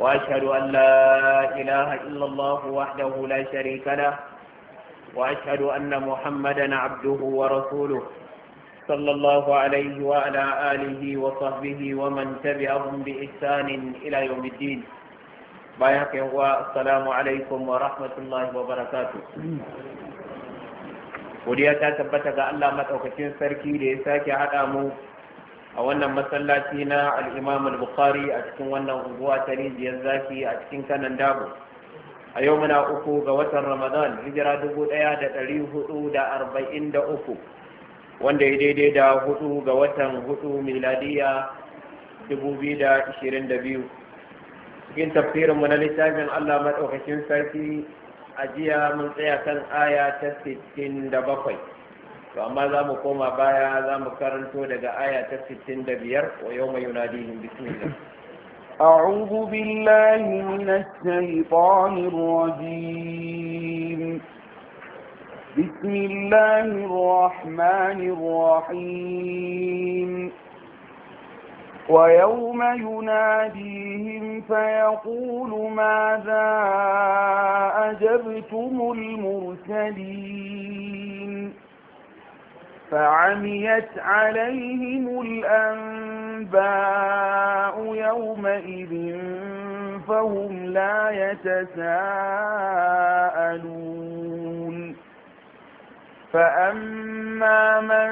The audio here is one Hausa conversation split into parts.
وأشهد أن لا إله إلا الله وحده لا شريك له وأشهد أن محمدا عبده ورسوله صلى الله عليه وعلى آله وصحبه ومن تبعهم بإحسان إلى يوم الدين بياك هو السلام عليكم ورحمة الله وبركاته وديا تثبت الله متوكسين سركي لساكي هذا مو a wannan masallaci na al'imam al-bukhari a cikin wannan unguwa ta rijiyar zaki a cikin kanan dabo a yau muna uku ga watan ramadan hijira dubu ɗaya da ɗari hudu da arba'in da uku wanda ya daidai da hudu ga watan hudu miladiya dubu biyu da ishirin da biyu cikin tafsirinmu na littafin allah maɗaukacin sarki a jiya mun tsaya kan aya ta sittin da bakwai to amma za mu koma baya za mu karanto daga aya ta 65 wa yawma yunadihim bismillah a'udhu billahi minash shaitanir rajim bismillahir rahmanir rahim ويوم يناديهم فيقول ماذا أجبتم المرسلين فعميت عليهم الأنباء يومئذ فهم لا يتساءلون فأما من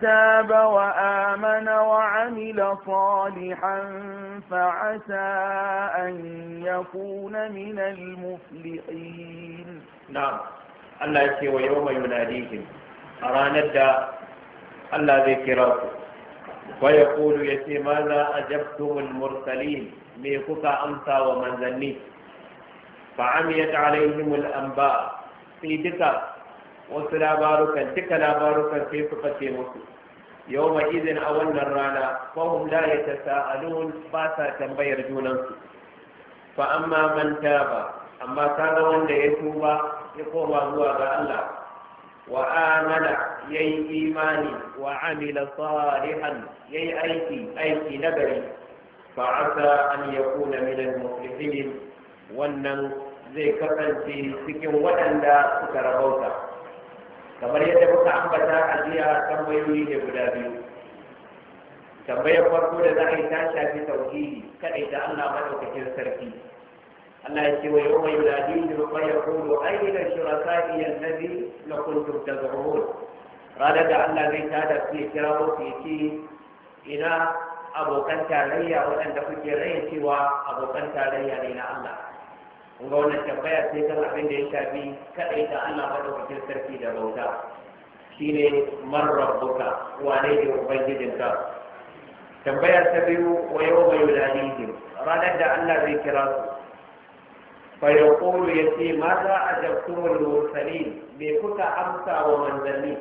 تاب وآمن وعمل صالحا فعسى أن يكون من المفلحين نعم الله يكي ويوم يناديهم a ranar da Allah zai kira ku wa ya kulu ya ce ma za a jabtumul mursalin me kuka amsa wa manzanni fa amiyat alaihimul anba sai duka wasu labarukan duka labarukan sai suka ce musu yawma izin a wannan rana fahim la yatasaalun ba sa tambayar junansu fa amma man taba amma kaga wanda ya tuba ya koma zuwa ga Allah wa amana yayi imani wa amila salihan yayi aiki aiki nagari fa asa an yakuna min al-muflihin wannan zai kasance cikin waɗanda suka rabauta kamar yadda muka ambata a jiya tambayoyi ne guda biyu tambayar farko da za a yi ta shafi tauhidi kaɗai da Allah madaukakin sarki الله يسي ويوم يناديهم فيقول أين شركائي الذي لكنتم تدعون ranar da Allah zai tada su ya kira wasu ya ce ina abokan tarayya waɗanda kuke rayin cewa abokan tarayya ne na Allah kun ga wannan tambaya sai kan abin da ya shafi kaɗai da Allah madaukakin sarki da bauta shine man rabbuka wane ne ubangijinka tambaya ta biyu wa yau mai yulanihim ranar da Allah zai kira su Fayon Olu ya ce ma za a jakutu mai wurtali kuka amsa wa manzani?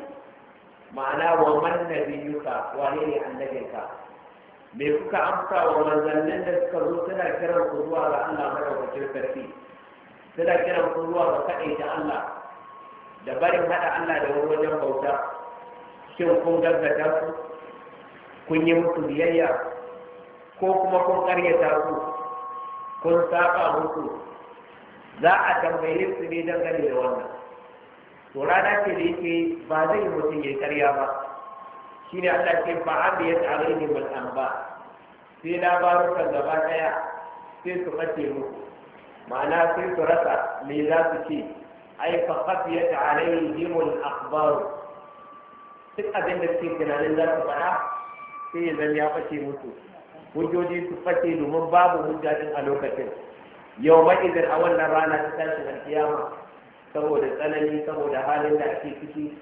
Ma'ana wa manabi yunuka wani ne an daɗe ka? Me kuka amsa wa manzanin da suka zo suna kiran ku zuwa ga Allah maɗa wajen ƙarfi? Suna kiran ku zuwa ga kaɗai ta Allah? Da barin haɗa Allah da wajen Bauta. Shin kun gaggajaku? Kun yi musu biyayya. Ko kuma kun ƙarya za ku? Kun saka mutu. za a tambaye su ne dangane da wannan to rana ce da yake ba zai mutum ya karya ba Shi ne Allah ke da ya ta'alaihi wal ba. sai labarukan gaba daya sai su kace muku ma'ana sai su rasa me za su ce ai fa khafiyat yi al akhbar duk abin da suke tunanin za su faɗa sai ya zama ya fashe musu hujjoji su fashe domin babu hujjajin a lokacin yau ma'izin a wannan rana ta tashi na kiyama saboda tsanani saboda halin da ake ciki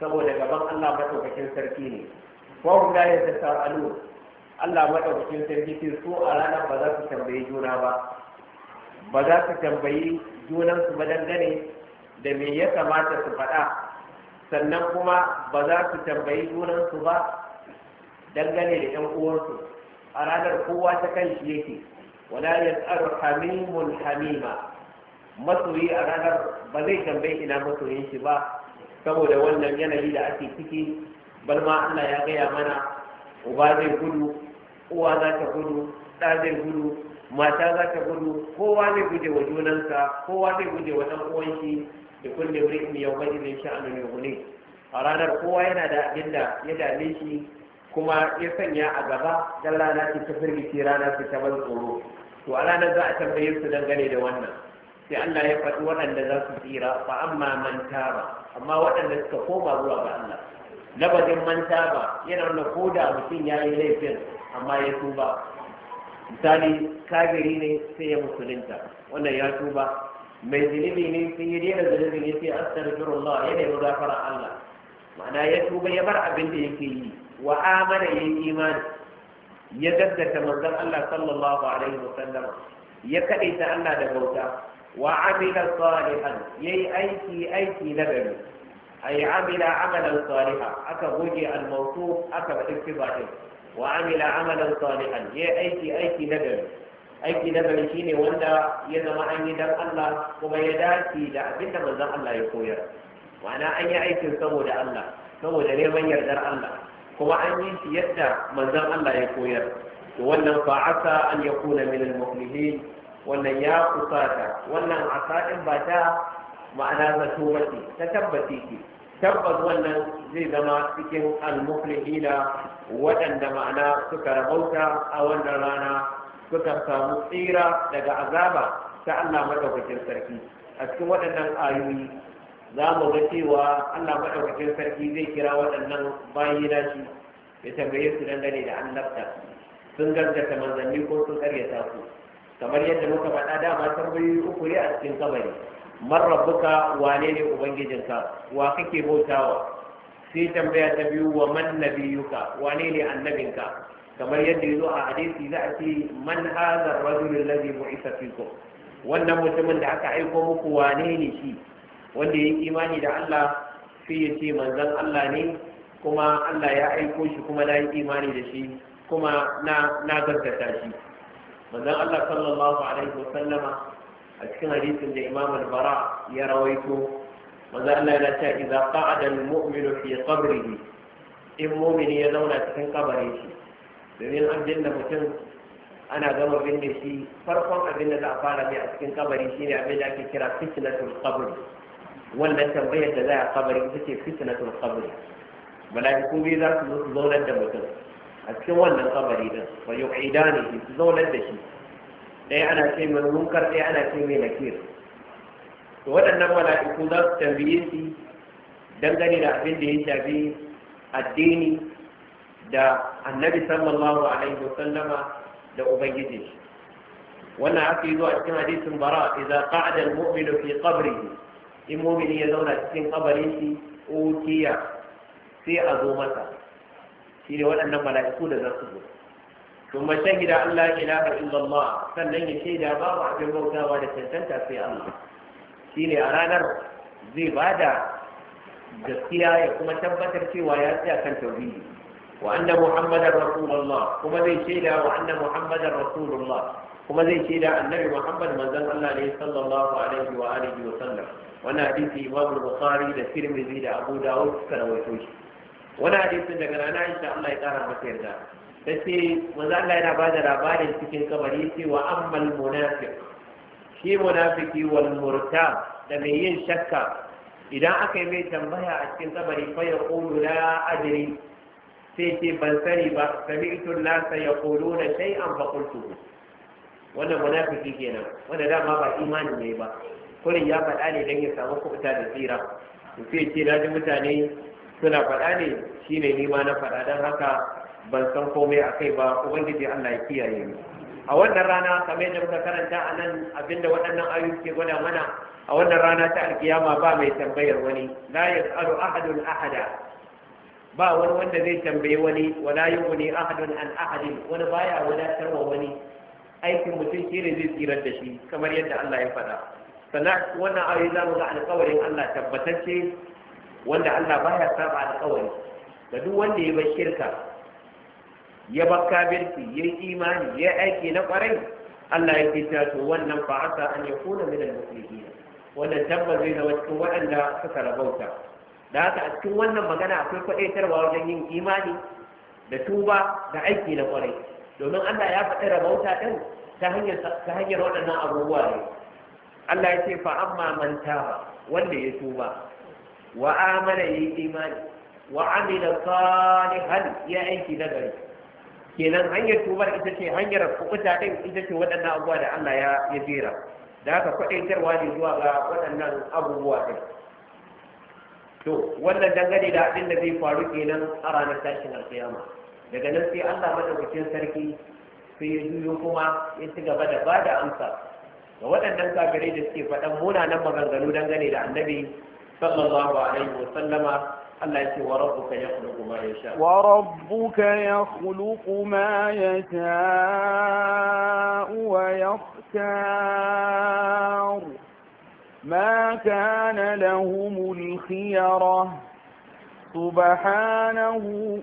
saboda gaban Allah maɗaukakin sarki ne wahum la alu Allah maɗaukakin sarki ce su a ranar ba za su tambayi juna ba ba za su tambayi junan su ba dangane da me ya kamata su faɗa sannan kuma ba za su tambayi junan su ba dangane da 'yan uwansu a ranar kowa ta kan shi yake wala yas'alu hamimul hamima masoyi a ranar ba zai tambayi ina masoyin shi ba saboda wannan yanayi da ake ciki bar ma Allah ya gaya mana uba zai gudu uwa za ta gudu ɗa zai gudu mata za ta gudu kowa zai guje wa junansa kowa zai guje wa ɗan uwan shi da kulle wurin mai yau bane ne sha'anin ne a ranar kowa yana da abinda ya dame shi kuma ya sanya a gaba dan rana ce ta firgici rana ce ta ban tsoro to a ranar za a tambaye su dangane da wannan sai Allah ya faɗi waɗanda za su tsira fa amma man taba amma waɗanda suka koma zuwa ga Allah labadin man taba yana nuna ko da mutum ya yi laifin amma ya tuba misali kagiri ne sai ya musulunta wannan ya tuba mai zunubi ne sai ya daina zunubi ne sai astaghfirullah ya nemi gafara Allah ma'ana ya tuba ya bar abin da yake yi wa amana yayin imani ya gaskata manzon Allah sallallahu alaihi wasallam ya kadaita Allah da bauta wa amila salihan yayi aiki aiki na gari ay amila amalan salihan aka goge al-mawsuf aka bada kibatin wa amila amalan salihan yayi aiki aiki na gari aiki na gari shine wanda ya zama an yi dan Allah kuma ya dace da abin da manzon Allah ya koyar ma'ana an yi aikin saboda Allah saboda neman yardar Allah kuma an yi shi yadda manzon Allah ya koyar to wannan ba asa an yakuna min al-muflihin wannan ya kusata wannan asa'in ba ta ma'ana zato bace ta tabbace ki tabbas wannan zai zama cikin al waɗanda ma'ana suka rabauta a wannan rana suka samu tsira daga azaba ta Allah madaukakin sarki a cikin waɗannan ayoyi za mu ga cewa Allah maɗaukakin sarki zai kira waɗannan bayi shi ya tambaye su gane da annabta sun gaskata manzanni ko sun karyata su kamar yadda muka faɗa dama tambayoyi uku ne a cikin kabari man wane ne ubangijinka wa kake bautawa sai tambaya ta biyu wa man nabiyuka wane ne annabinka kamar yadda ya zo a hadisi za a ce man hadha ar-rajul alladhi bu'itha fikum wannan mutumin da aka aiko muku wane ne shi wanda ya yi imani da Allah sai ya ce Allah ne kuma Allah ya aiko shi kuma na yi imani da shi kuma na na shi Manzan Allah sallallahu alaihi wasallama a cikin hadisin da Imam al-Bara ya rawaito manzon Allah ya ce idza qa'ada al-mu'minu fi qabrihi in mu'mini ya zauna cikin kabarin shi domin an binne mutum ana gama binne shi farkon abin da za a fara mai a cikin kabari shine abin da ake kira fitnatul qabr wannan tambayar da za a kabari ita ce tun kabari mala'iku biyu za su zo su zaunar da mutum a cikin wannan kabari din wa yu'idani su zaunar da shi ɗaya ana ce mai munkar ɗaya ana ce mai nakir to waɗannan mala'iku za su tambaye su dangane da abin da ya shafi addini da annabi sallallahu alaihi wasallama da ubangiji wannan haka yi zuwa cikin hadisin bara idza qa'ada al-mu'minu fi qabrihi in mumini ya zauna cikin kabarin shi utiya sai a zo masa shi ne waɗannan mala'iku da za su zo kuma shahida Allah ya ilaha illallah sannan ya shaida babu abin bautawa da tantanta sai Allah shi ne a ranar zai ba da gaskiya ya kuma tabbatar cewa ya tsaya kan tauhidi wa anna muhammadar rasulullah kuma zai shaida wa anna muhammadar rasulullah kuma zai shaida annabi muhammad manzon Allah ne sallallahu alaihi wa alihi wa sallam wannan hadisi imamu bukhari da tirmidhi da abu dawud suka rawaito shi wannan hadisi daga rana insha Allah ya kara masa yarda sai manzo Allah yana ba da labarin cikin kabari cewa ammal munafiq shi munafiki wal murtab da mai yin shakka idan aka yi mai tambaya a cikin kabari fa ya qulu la adri sai ce ban sani ba sami'tu an-nasa yaquluna shay'an fa qultu wannan munafiki kenan wanda dama ba imani ne ba kurin ya faɗa ne don ya samu kubuta da tsira to sai ce na ji mutane suna faɗa ne shine ne ma na faɗa don haka ban san komai a kai ba ubangiji Allah ya kiyaye ni a wannan rana kamar yadda muka karanta a nan abinda waɗannan ayoyi ke gwada mana a wannan rana ta alkiyama ba mai tambayar wani la yasalu ahadun ahada ba wani wanda zai tambayi wani wala yughni ahadun an ahadin wani baya wadatar wa wani aikin mutum shi ne zai tsirar da shi kamar yadda Allah ya faɗa sannan wannan ayoyi za mu ga alƙawarin Allah tabbatacce wanda Allah baya saba alƙawari da duk wanda ya bar shirka ya bar kafirci ya yi imani ya yi aiki na kwarai, Allah ya ce ta to wannan fa asa an ya yakuna min al-muslimin wannan tabbas zai zama cikin waɗanda suka rabauta da haka a cikin wannan magana akwai faɗaitarwa wajen yin imani da tuba da aiki na kwarai, domin Allah ya faɗi rabauta ɗin ta hanyar waɗannan abubuwa ne Allah ya ce fa amma man taba wanda ya tuba wa amana yi imani wa amila salihan ya aiki gari. kenan hanyar tubar ita ce hanyar kukuta din ita ce waɗannan abubuwa da Allah ya ya jera da haka kwaɗaitarwa ne zuwa ga waɗannan abubuwa din to wannan dangane da abin da zai faru kenan a ranar tashin alƙiyama daga nan sai Allah madaukakin sarki sai ya juyo kuma ya ci gaba da ba da amsa ga waɗannan kafirai da suke faɗan munanan maganganu dangane da annabi sallallahu alaihi wa sallama Allah ya ce wa rabbuka yakhluqu ma yasha wa rabbuka yakhluqu ma yasha wa yakhtar ma kana lahumul khiyara subhanahu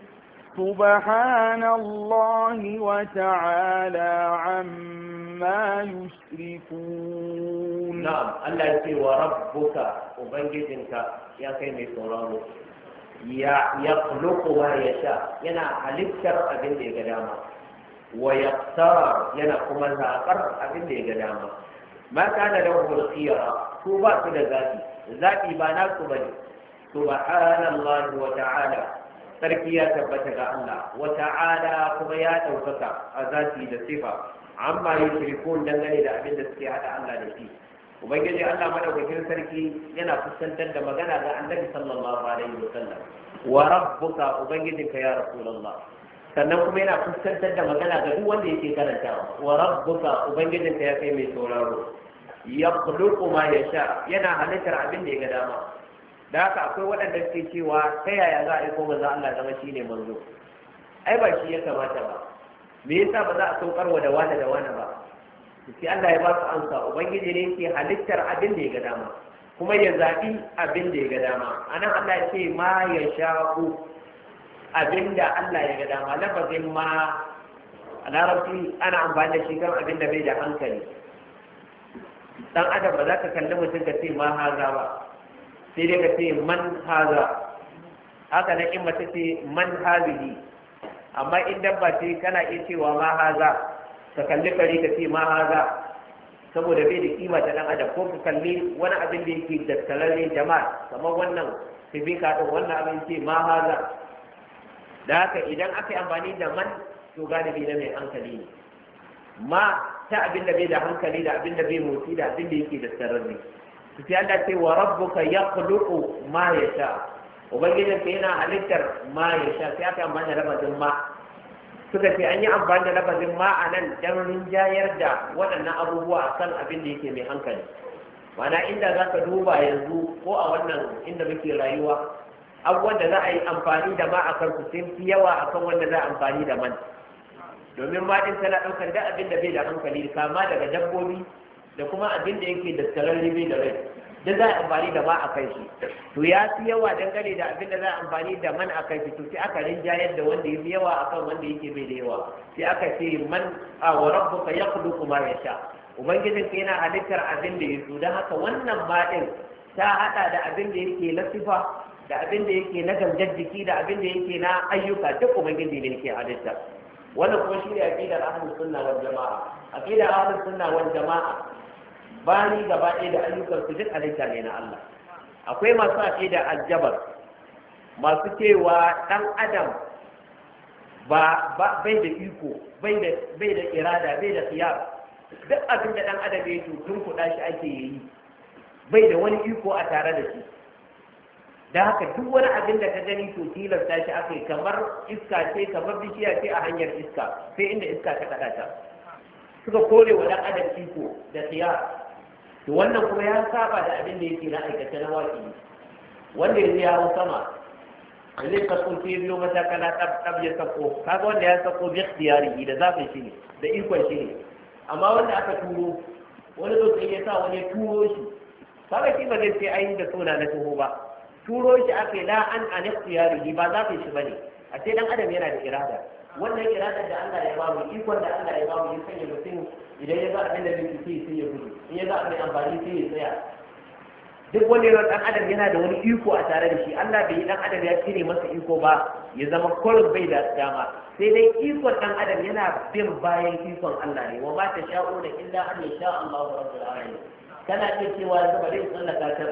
سبحان الله وتعالى عما عما يشركون نعم الله يقول وربك ya kai mai سورانو ya yakhluqu wa sha. yana halittar abin da ya ga dama wa yana kuma zakar abin da ya ga dama ma kana da wani ko ba su da zaki, zaɓi ba na ku bane subhanallahi wa ta'ala sarki ya tabbata ga Allah wa ta'ala kuma ya ɗaukaka a zafi da sifa amma yushrikun dangane da abin da suke hada Allah da shi ubangiji Allah madaukakin sarki yana fuskantar da magana ga annabi sallallahu alaihi wa sallam wa rabbuka ubangijinka ya rasulullah sannan kuma yana fuskantar da magana ga duk wanda yake karanta wa rabbuka ubangijinka ya kai mai sauraro Ya yakhluqu ma yasha yana halittar abin da ya ga dama da haka akwai waɗanda suke cewa ta yaya za a yi ko za Allah zama shine manzo ai ba shi ya kamata ba me yasa ba za a saukar wa da wani da wani ba sai Allah ya ba su ansa ubangiji ne ke halittar abin da ya ga dama kuma ya zaɓi abin da ya ga dama anan Allah ya ma ya sha'u abin da Allah ya ga dama lafazin ma a larabci ana amfani da shi kan abin da bai da hankali dan adam ba za ka kalli mutum ka ce ma haza ba sai dai ka ce man haza haka nan in mace ce man hazihi amma in dabba ce kana iya cewa ma haza ka kalli kare ka ce ma haza saboda bai da kima ta dan adam ko ka kalli wani abin da yake daskararre jama'a kamar wannan ka ɗin wannan abin ce ma haza da haka idan aka yi amfani da man to gane bai na mai hankali ne ma ta abin da bai da hankali da abin da bai motsi da abin da yake daskararre sai Allah ce wa rabbuka kulu'u? ma ya sha. ubangijin ka yana halittar ma ya sha sai aka amfani da lafazin ma suka ce an yi amfani da lafazin ma a nan don rinjayar da waɗannan abubuwa a kan abin da yake mai hankali mana inda za ka duba yanzu ko a wannan inda muke rayuwa abubuwan da za a yi amfani da ma a kan su sun fi yawa a kan wanda za a amfani da man domin ma ɗin tana ɗaukar da abin da bai da hankali kama daga dabbobi da kuma abin da yake da tsararri bai da rai da za a amfani da ma a kai shi to ya fi yawa dangane da abin da za a amfani da man a kai shi to sai aka rinjayar da wanda ya fi yawa akan wanda yake bai da yawa sai aka ce man a wa rabbuka yakhluqu ma yasha ubangijin ka yana halittar abin da ya su, don haka wannan ma din ta hada da abin da yake na sifa da abin da yake na gangar jiki da abin da yake na ayyuka duk ubangiji ne yake halitta wannan kuma shi ne aqidar ahlus sunna wal jamaa aqidar ahlus sunna wal jamaa bani gaba ɗaya da ayyukan su duk halitta ne na Allah akwai masu aqida aljabar masu cewa dan adam ba bai da iko bai da bai da irada bai da siyar duk abin da dan adam yake tun kuɗa shi ake yi bai da wani iko a tare da shi da haka duk wani abin da ka gani to tilasta shi yi kamar iska ce kamar bishiya ce a hanyar iska sai inda iska ta kada ta suka kore wa dan adam iko da siyar. to wannan kuma ya saba da abin da yake na aikace na waki wanda ya ya hau sama zai sako sai ya biyo matakala tsab ya sako kaga wanda ya sako bi ikhtiyari da zafin shi ne da ikon shi ne amma wanda aka turo wani lokaci ya sa wani turo shi kaga shi ba zai sai ai da sona na tuho ba turo shi aka yi la an an ikhtiyari ba zafin shi bane a sai dan adam yana da irada wannan iradar da Allah ya ba mu ikon da Allah ya ba mu sanya mutum idan ya ga abin da bai fi sai ya gudu in ya ga abin amfani sai ya tsaya duk wani yawan dan adam yana da wani iko a tare da shi Allah bai yi dan adam ya cire masa iko ba ya zama kullum bai da dama sai dai ikon dan adam yana bin bayan ikon Allah ne wa ba ta da illa an sha Allahu rabbul alamin kana ce cewa yanzu bari in sallaka ta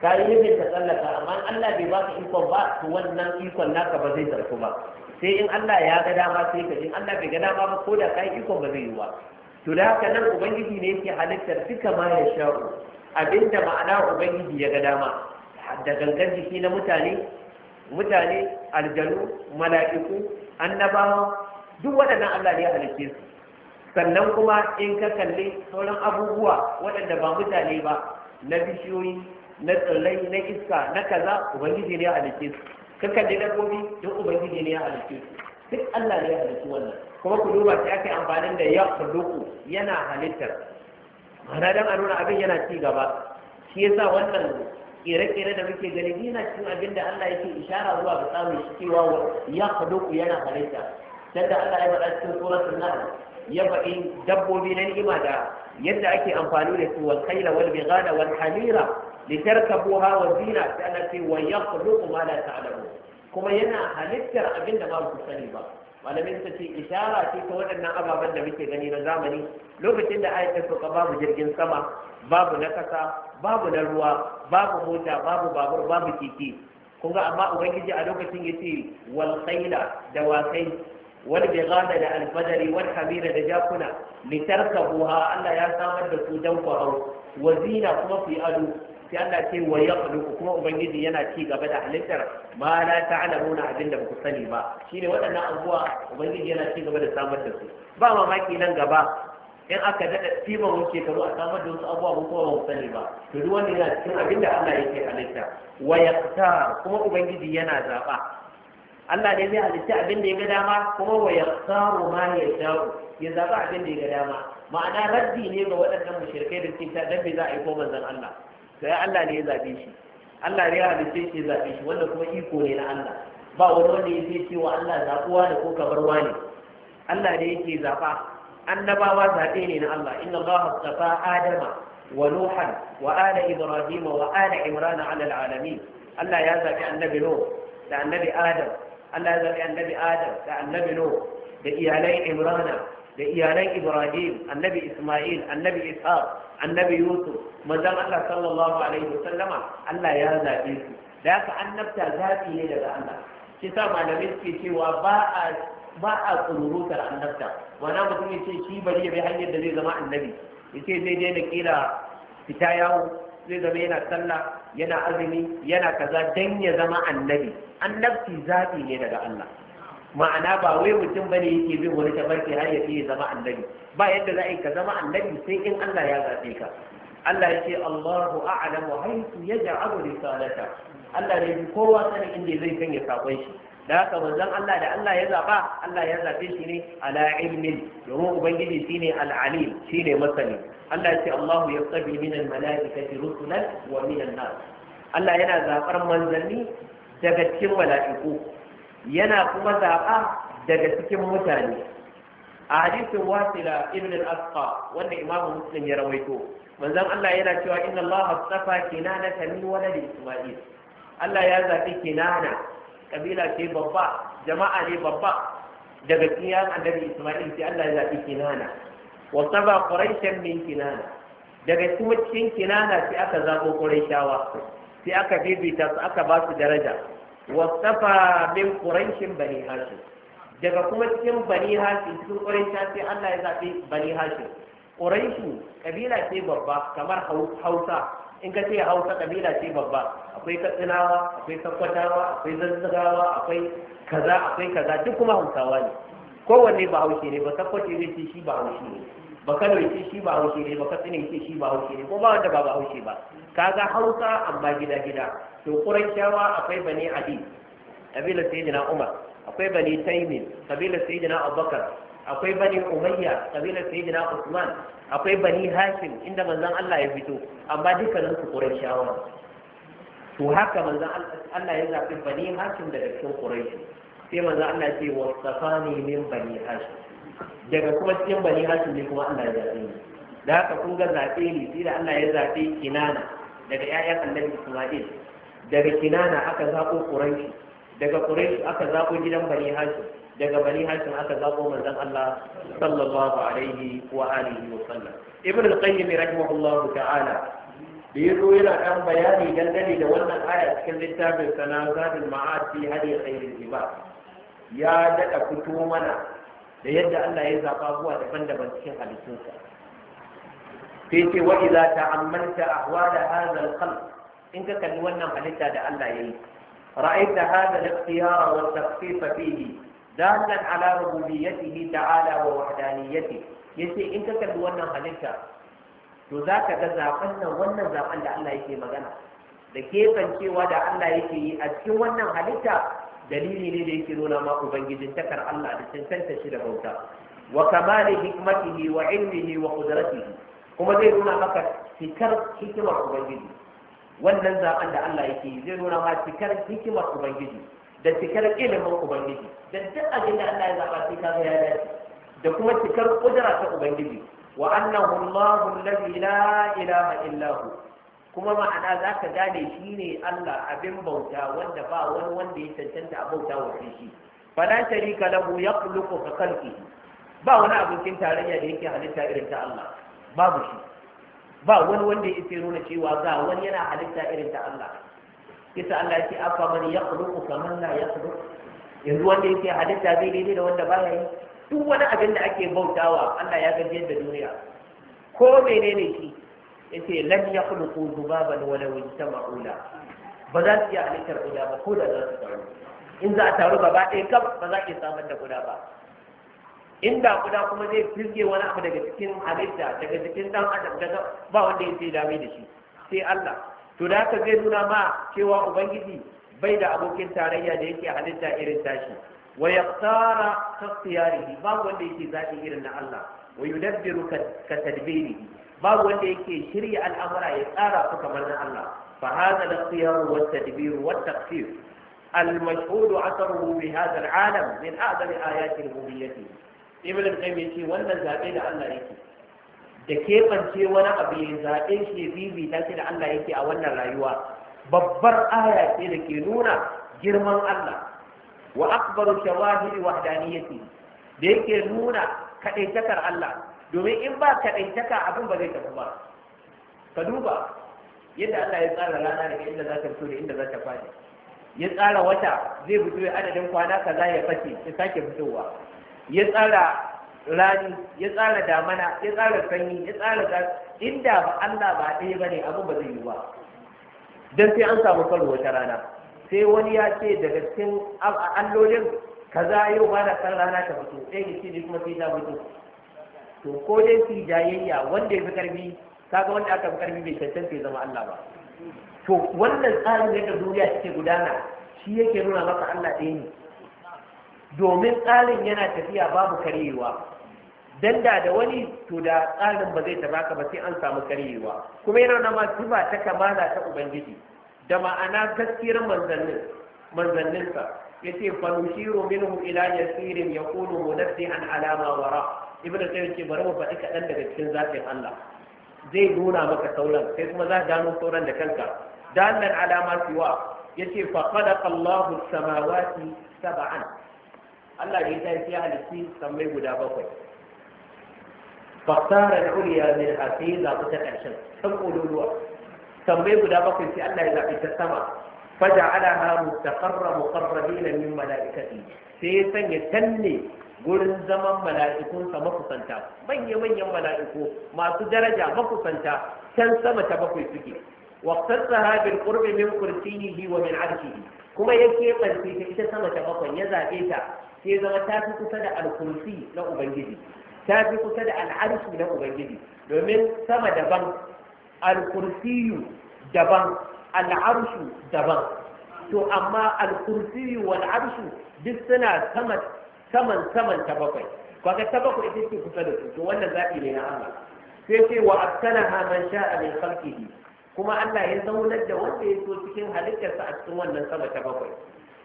ka yi yadda ka tsallaka amma Allah bai baka ikon ba to wannan ikon naka ba zai zarfu ba sai in Allah ya ga dama sai ka in Allah bai ga dama ba ko da kai ikon ba zai yi ba to da haka nan ubangiji ne yake halittar duka ma ya sha'u abinda ma'ana ubangiji ya ga dama da gangan jiki na mutane mutane aljanu mala'iku annabawa duk waɗannan Allah ne ya halitta su sannan kuma in ka kalli sauran abubuwa waɗanda ba mutane ba na bishiyoyi na tsirrai na iska na kaza ubangiji ne ya halicce su kakan da dabbobi don ubangiji ne ya halitta duk Allah ne ya halitta wannan kuma ku duba sai aka yi amfani da ya khuluqu yana halittar Mana dan a nuna abin yana ci gaba shi yasa wannan kire-kire da muke gani yana cikin abin da Allah yake ishara zuwa ga samun shi cewa ya khuluqu yana halitta sanda Allah ya faɗa cikin suratul nahl ya faɗi dabbobi na ni'ima da yadda ake amfani da su wal khayla wal gada wal hamira litarkabuha wa zina sai Allah ce wa yakhluqu ma la ta'lamun kuma yana halittar abinda da ba ku sani ba malamin ta ce isara ce ta waɗannan ababen da muke gani na zamani lokacin da aka ta babu jirgin sama babu na kasa babu na ruwa babu mota babu babur babu keke kun ga amma ubangiji a lokacin yace wal khayla da wasai wal bighada da alfadari wal hamira da jakuna litarkabuha Allah ya samar da su dan ku hau wazina kuma fi ado sai Allah ce wa yaqulu kuma ubangiji yana ci gaba da halittar ma la ta'lamuna abinda ba ku sani ba shine waɗannan abubuwa ubangiji yana ci gaba da samar da su ba mamaki nan gaba in aka daɗa timan wani shekaru a samar da wasu abubuwa ba kuma ba mu sani ba to duk wanda yana cikin abinda Allah yake halitta wa yaqtar kuma ubangiji yana zaba Allah ne zai halitta abin da ya ga dama kuma wa yaqtaru ma yasha'u ya zaba abin da ya ga dama ma'ana raddi ne ga waɗannan mushrikai da suke ta za a yi ko manzon Allah sai Allah ne ya zabe shi Allah ne ya halitta shi ya zaɓe shi wanda kuma iko ne na Allah ba wani wanda ya zai cewa Allah zaɓuwa ne ko kabarwa ne Allah ne yake zaɓa annabawa zaɓe ne na Allah inna Allah hasafa Adama wa Nuhan wa ala Ibrahim wa ala Imran ala alamin Allah ya zaɓi annabi Nuh da annabi Adam Allah ya zaɓi annabi Adam da annabi Nuh da iyalai Imrana da iyalan ibrahim annabi isma'il annabi ishaq annabi yusuf manzon allah sallallahu alaihi wasallama allah ya zaɓe su da haka annabta zaɓi ne daga allah shi sa malamai suke cewa ba a ba a tsururutar annabta wannan mutum ya ce shi bari ya bi hanyar da zai zama annabi ya ce zai daina kila fita yawo zai zama yana sallah yana azumi yana kaza dan ya zama annabi annabci zaɓi ne daga allah ma'ana ba wai mutum bane yake bin wani tafarki har ya fiye zama annabi ba yadda za a yi ka zama annabi sai in Allah ya zaɓe ka Allah ya ce Allahu a'lamu haythu yaj'alu risalata Allah ne kowa sanin inda zai sanya sakon shi da haka manzon Allah da Allah ya zaba Allah ya zabe shi ne ala ilmin domin ubangiji shine al-alim shine masani Allah ya ce Allahu yastabi min al-malaikati rusulan wa min an-nas Allah yana zabar manzanni daga cikin mala'iku yana kuma zaɓa daga cikin mutane a hadisin wasila ibn al-asqa wanda imam muslim ya rawaito manzon Allah yana cewa inna Allah astafa kinana ta min waladi isma'il Allah ya zaɓi kinana kabila ce babba jama'a ne babba daga cikin annabi isma'il sai Allah ya zaɓi kinana wa saba quraishan min kinana daga kuma cikin kinana sai aka zaɓo quraishawa sai aka bibita su aka ba su daraja wasafa min quraishin bani hashim daga kuma cikin bani hashim cikin quraisha sai Allah ya zabi bani hashim quraishu kabila ce babba kamar hausa in ka ce hausa kabila ce babba akwai katsinawa akwai sakkwatawa akwai zazzagawa akwai kaza akwai kaza duk kuma hausawa ne kowanne ba haushi ne ba sakkwace ne ce shi ba haushi ne ba kano ce shi ba haushi ne ba katsina ce shi ba haushi ne ko ba wanda ba ba haushi ba kaga hausa amma gida gida to qurayshawa akwai bani adi kabila sayyidina umar akwai bani taymin kabila sayyidina abubakar akwai bani umayya kabila sayyidina usman akwai bani hashim inda manzon Allah ya fito amma dukkanin su qurayshawa to haka manzon Allah ya zabi bani hashim daga cikin quraysh sai manzon Allah ya ce wasafani min bani hashim daga kuma cikin bani hashim ne kuma Allah ya zabe ni da haka kun ga zabe ne sai da Allah ya zabe kinana daga ƴaƴan annabi Isma'il daga Kinana aka zaɓo Quraishi daga Quraishi aka zaɓo gidan Bani Hashim daga Bani Hashim aka zaɓo manzon Allah sallallahu alaihi wa alihi wa sallam Ibn al-Qayyim rahimahullahu ta'ala da ya zo yana ɗan bayani dangane da wannan aya cikin littafin sana zadin ma'ad fi hadi khairul ibad ya daɗa fito mana da yadda Allah ya zaɓa abubuwa daban-daban cikin halittunsa sai ce wa ta ta'ammalta ahwala hadha al-khalq in ka kalli wannan halitta da Allah yayi ra'aita hadha al-ikhtiyara wa at-taqfif fihi dalan ala rububiyyatihi ta'ala wa wahdaniyatihi yace in ka kalli wannan halitta to zaka ga zaben nan wannan zaben da Allah yake magana da kefancewa da Allah yake yi a cikin wannan halitta dalili ne da yake nuna ma ubangijin takar Allah da cancanta shi da bauta wa kamali hikmatihi wa ilmihi wa qudratihi kuma zai nuna maka cikar hikimar ubangiji wannan zaben da Allah yake zai nuna ma cikar hikimar ubangiji da cikar ilimin ubangiji da duk abin da Allah ya zaba sai ka ya dace da kuma cikar kudura ta ubangiji wa annahu Allahu allazi la ilaha illa hu kuma ma'ana za ka gane shi ne Allah abin bauta wanda ba wani wanda ya cancanta a bauta wa shi fala sharika lahu yakhluqu ka khalqihi ba wani abokin tarayya da yake halitta irin ta Allah babu shi ba wani wanda yake nuna cewa ga wani yana halitta irin ta Allah kisa Allah yake afa man yakhluqu kaman la yakhluq yanzu wanda yake halitta zai daidai da wanda baya yi duk wani abin da ake bautawa Allah ya gajiyar da duniya ko menene shi yace lam yakhluqu dhubaban wala ijtama'u la ba za su iya halittar guda ba ko da za su taru in za a taru gaba ɗaya kam ba za a iya samar da guda ba inda kuda kuma zai firge wani abu daga cikin halitta daga cikin dan adam daga ba wanda ya sai dame da shi sai Allah to da haka zai nuna ma cewa ubangiji bai da abokin tarayya da yake halitta irin tashi wa yaqtara tasiyarihi ba wanda yake zabi irin na Allah wa yudabbiru ka tadbirihi ba wanda yake shirya al'amura ya tsara su kamar na Allah fa hadha al-ikhtiyar wa tadbir wa taqsir المشهود عثره بهذا العالم من أعظم آيات ربوبيته ibn al-qayyim yace wannan zabe da Allah yake da kebance wani abu ya zabe shi bibi ta ce da Allah yake a wannan rayuwa babbar aya ce da ke nuna girman Allah wa akbaru shawahid wahdaniyati da yake nuna kadaitakar Allah domin in ba kadaitaka abin ba zai tafi ba ka duba yadda Allah ya tsara rana da inda za ta fito da inda za ta fadi ya tsara wata zai fito ya adadin kwana kaza ya fashe ya sake fitowa ya tsara rani ya tsara damana ya tsara sanyi ya tsara inda ba Allah ba ɗaya ba ne abin ba zai yi ba don sai an samu karo wata rana sai wani ya ce daga cikin allolin kaza yau ba na san rana ta fito ɗaya ne shi ne kuma sai ta fito to ko dai su jayayya wanda ya fi karfi kaga wanda aka fi karfi bai cancanta ya zama Allah ba to wannan tsarin da duniya take gudana shi yake nuna maka Allah ɗaya ne domin tsarin yana tafiya babu karyewa dan da da wani to da tsarin ba zai tafi ba sai an samu karyewa kuma yana na masu ta kamala ta ubangiji da ma'ana gaskiyar manzannin manzanninsa yace fa nushiru minhu ila yasirin yaqulu munaddihan ala alama wara ibnu sai ce bari mu faɗi kaɗan daga cikin zafin Allah zai nuna maka sauran sai kuma za ka gano sauran da kanka dalan alama siwa yace fa khalaqa Allahu as-samawati sab'an Allah da ya tashi ya halitti sammai guda bakwai fasara da ulya min hafi za ku ta ƙarshen. san kololuwa sammai guda bakwai sai Allah ya zabi ta sama faja'alaha mustaqarra muqarrabina min malaikati sai ya sanya tanne gurin zaman mala'ikunsa makusanta manya-manyan mala'iku masu daraja makusanta can sama ta bakwai suke waktar sahabin ƙurbi min kursiyihi wa min arshihi kuma ya keɓance ta ita sama ta bakwai ya zaɓe ta sai zama ta fi kusa da alkursi na ubangiji ta fi kusa da al'arshi na ubangiji domin sama daban alkursiyu daban al'arshu daban to amma alkursiyu wal arshu duk suna sama saman saman ta bakwai kaga ta bakwai ita ce kusa da su to wannan zaɓi ne na Allah sai ce wa askanaha man sha'a min khalqihi kuma Allah ya zaunar da wanda ya so cikin halittarsa a cikin wannan sama ta bakwai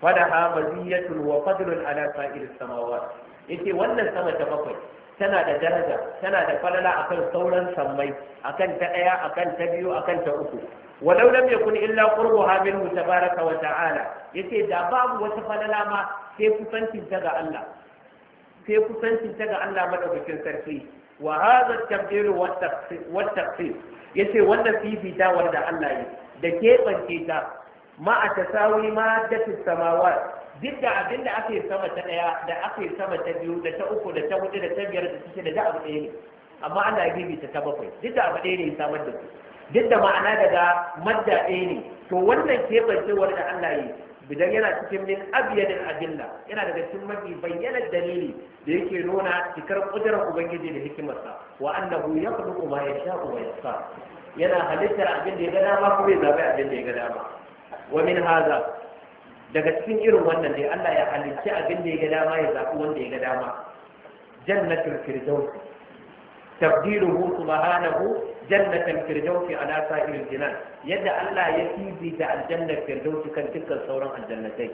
falaha maziyatun wa fadlun ala sa'ir samawat yace wannan sama ta bakwai tana da daraja tana da falala akan sauran sammai akan ta daya akan ta biyu akan ta uku walau lam yakun illa qurbuha minhu tabaraka wa ta'ala yace da babu wata falala ma sai kusancin ta ga Allah sai kusancin ta ga Allah madaukakin sarki wa hadha at-tabdil wa at-taqsim yace wannan fifita wanda Allah yi da kebance ta ma a tasawi ma datin samawa duk da abin da aka yi sama ta ɗaya da aka yi sama ta biyu da ta uku da ta hudu da ta biyar da ta shida da abu ɗaya ne amma ana ya ta ta bakwai duk da abu ɗaya ne ya samar da su duk da ma'ana daga madda ɗaya ne to wannan keɓancewar da Allah yi bidan yana cikin min abiyadin adilla yana daga cikin mafi bayyanar dalili da yake nuna cikar kudurar ubangiji da hikimarsa wa annahu yakhluqu ma yasha'u wa yasa yana halittar abin da ya ga dama kuma ya zabi abin da ya ga dama wa min haza daga cikin irin wannan dai Allah ya halicci abin da ya ga dama ya zaɓi wanda ya ga dama jannatul firdaus tabdiruhu subhanahu jannatul firdaus ala sa'iril jinan yadda Allah ya tizi da aljannar firdaus kan dukkan sauran aljannatai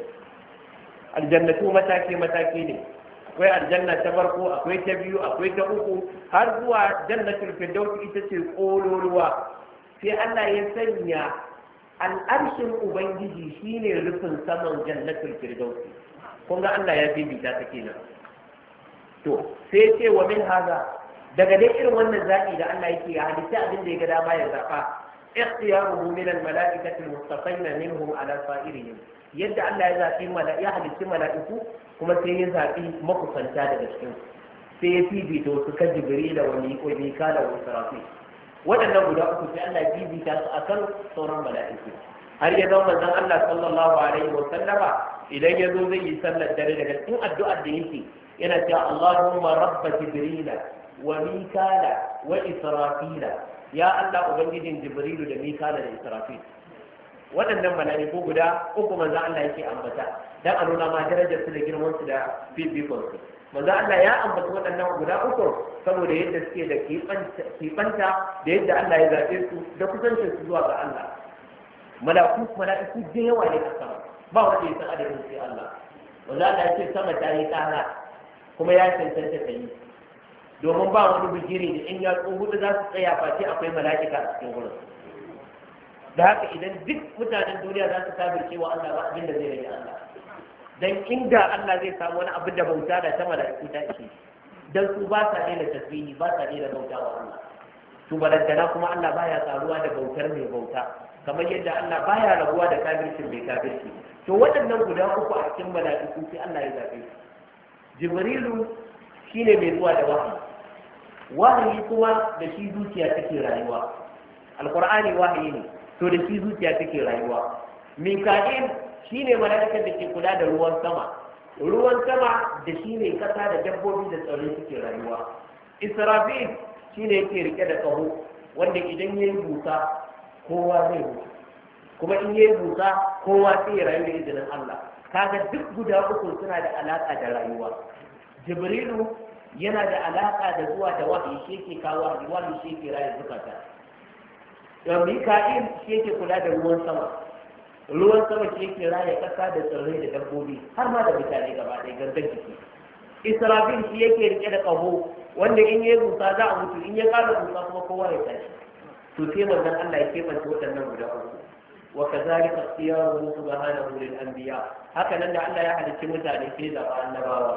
aljannatu mataki mataki ne akwai aljanna ta farko akwai ta biyu akwai ta uku har zuwa jannatul firdaus ita ce kololuwa sai Allah ya sanya al'arshin ubangiji shine rufin saman jannatul firdausi kun ga Allah ya bibita ta kenan to sai ce wa min haza daga dai irin wannan zaki da Allah yake ya halitta abin da ya ga dama ya zaɓa ikhtiyaruhu min al-mala'ikati mustaqayna minhum ala sa'irihim yadda Allah ya zaɓi ya halitta mala'iku kuma sai ya zaɓi makusanta daga cikin sai ya fifita su ka jibrila wa mikala wa israfil waɗannan guda uku sai Allah bibita su akan sauran mala'iku har ya zama manzon Allah sallallahu alaihi wa sallama idan ya zo zai yi sallar dare daga cikin addu'ar da yake yana cewa Allahumma rabba jibrila wa mikala wa israfila ya Allah ubangijin jibrilu da mikala da israfil waɗannan mala'iku guda uku manzon Allah yake ambata dan a nuna ma darajar su da girman su da fifikon su manzo Allah ya ambaci waɗannan guda uku saboda yadda suke da kifanta da yadda Allah ya zaɓe su da kusancin su zuwa ga Allah malaku malaku da yawa ne a sama ba wanda ya san adadin sai Allah manzo Allah ya ce sama ta yi tsara kuma ya cancanta ta yi domin ba wani bijiri da in ya hudu za su tsaya face akwai mala'ika a cikin wurin da haka idan duk mutanen duniya za su kafirce wa Allah ba abin da zai rage Allah dan inda Allah zai samu wani abu da bauta da ta mala'iku ta ce dan su ba sa da tasbihi ba sa daina bauta wa Allah to balantana kuma Allah baya karuwa da bautar mai bauta kamar yadda Allah baya rabuwa da kafircin mai kafirci to waɗannan guda uku a cikin mala'iku sai Allah ya zabe Jibrilu shine mai zuwa da wahayi wahayi kuma da shi zuciya take rayuwa alqur'ani wahayi ne to da shi zuciya take rayuwa mika'il shine mala'ikan da ke kula da ruwan sama ruwan sama da shi ne kasa da dabbobi da tsaro suke rayuwa israfil shi ne yake rike da kaho wanda idan ya yi busa kowa zai mutu kuma in ya yi busa kowa sai rayu da izinin allah kaga duk guda uku suna da alaka da rayuwa jibrilu yana da alaka da zuwa da wahayi shi yake kawo wahayi shi yake rayu zukata mika'il shi yake kula da ruwan sama ruwan sama shi yake raya ƙasa da tsirrai da dabbobi har ma da mutane gaba ɗaya gangan jiki israfil shi yake rike da ƙaho wanda in ya busa za a mutu in ya ƙara busa kuma kowa ya tashi to sai wannan Allah ya kebanta waɗannan guda uku wa kazalika ikhtiyaruhu subhanahu lil anbiya haka nan da Allah ya halicci mutane sai da annabawa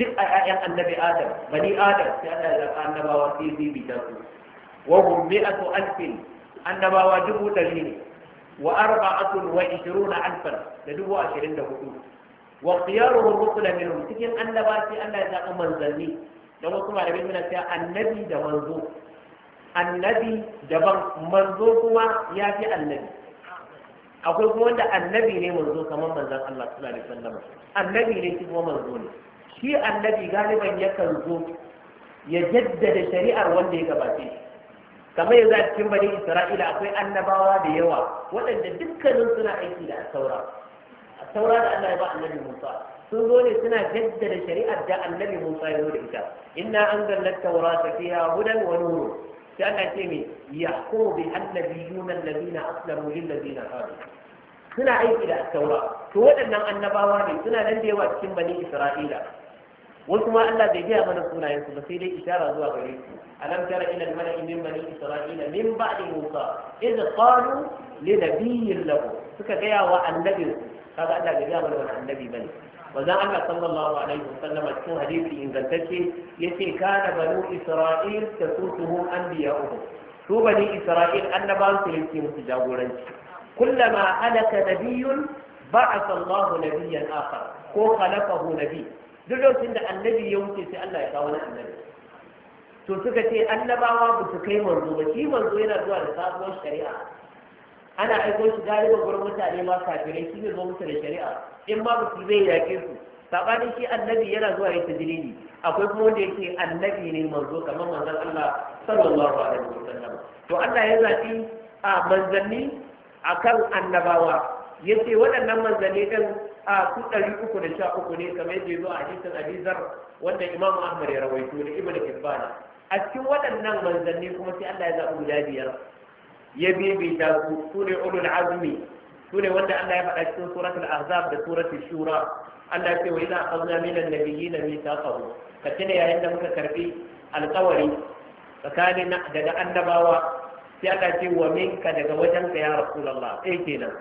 duk a ƴaƴan annabi Adam bani Adam sai Allah ya zaba annabawa sai bi da su wa hum mi'atu alfin annabawa dubu ɗari ne wa arba'atun wa ishiruna alfan da dubu ashirin da hudu wa qiyaruhum rusula minhum cikin annaba sai Allah ya zaɓi manzanni da wasu malamai suna cewa annabi da manzo annabi daban manzo kuma ya fi annabi akwai kuma wanda annabi ne manzo kamar manzon Allah sallallahu alaihi wasallam annabi ne shi kuma manzo ne shi annabi galiban yakan zo ya jaddada shari'ar wanda ya gabace shi kamar yanzu a cikin bani isra'ila akwai annabawa da yawa waɗanda dukkanin suna aiki da asaura asaura da allah ya ba annabi musa sun zo ne suna jaddada shari'ar da annabi musa ya zo da ita inna an zallar taurata fiha hudan wa nuru sai allah ce me yahkumu bi annabiyuna alladhina aslamu lil ladina hadu suna aiki da asaura to waɗannan annabawa ne suna nan da yawa cikin bani isra'ila wasu ma Allah bai gaya mana sunayensu ba sai dai ishara zuwa gare su alam tara ila al-mala'i min bani isra'ila min ba'di musa idh qalu li nabiyyin lahu suka gaya wa annabin kaga Allah bai gaya mana wannan annabi bane wazan Allah sallallahu alaihi wasallam cikin hadisi ingantacce yace kana banu isra'il tasutuhum anbiya'uhum su bani isra'il annabawan su yake musu jagoranci kullama halaka nabiyyun ba'atha Allah nabiyyan akhar ko khalaqahu nabiy duk lokacin da annabi ya wuce sai Allah ya kawo wani annabi to suka ce annabawa ba su kai manzo ba shi manzo yana zuwa da sabuwar shari'a ana aiko shi galiba gurin mutane ma kafirai shi ne zo musu da shari'a in ma ba su zai yaƙe su sabanin shi annabi yana zuwa ya tajiriri akwai kuma wanda yake annabi ne manzo kamar manzon Allah sallallahu alaihi wasallam to Allah ya zaɓi a manzanni akan annabawa yace waɗannan manzanni din a su ɗari uku da sha uku ne kamar yadda zo a hadisin abizar wanda imamu ahmad ya rawaito da ibnu kibbana a cikin waɗannan manzanni kuma sai Allah ya zaɓi guda biyar ya bibita su su ne ulul azmi su ne wanda Allah ya faɗa cikin suratul ahzab da suratul shura Allah ya ce wa idza akhadna minal nabiyyina mithaqahum ka tuna yayin da muka karbi alƙawari tsakanin daga annabawa sai aka ce wa minka daga wajen ka ya rasulullah sai eh, kenan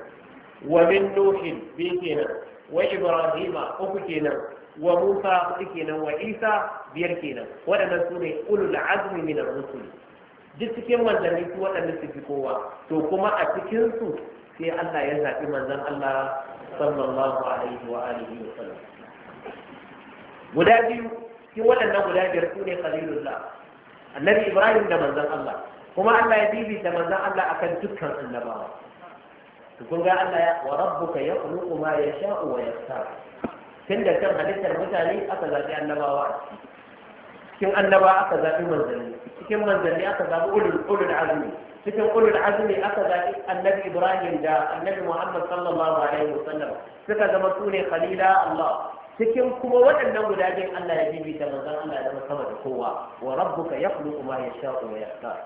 wa min nuhin bi kenan wa ibrahima uku kenan wa musa hudu kenan wa isa biyar kenan waɗannan su ne ulul azmi min ar-rusul duk cikin manzanni su waɗanda su kowa to kuma a cikin su sai Allah ya zaɓi manzon Allah sallallahu alaihi wa alihi wa sallam guda biyu cikin waɗannan guda biyar su ne khalilullah annabi ibrahim da manzon Allah kuma Allah ya da manzon Allah akan dukkan annabawa to kun ga Allah ya wa rabbuka yakhluqu ma yasha'u wa yastar da kan halittar mutane aka zaɓi annabawa cikin annaba aka zaɓi manzanni cikin manzanni aka zaɓi ulul ulul azmi cikin ulul azmi aka zaɓi annabi Ibrahim da annabi Muhammad sallallahu alaihi wasallam suka zama sune khalila Allah cikin kuma waɗannan guda biyun Allah ya bibita manzon Allah ya zama sama da kowa wa rabbuka yakhluqu ma yasha'u wa yastar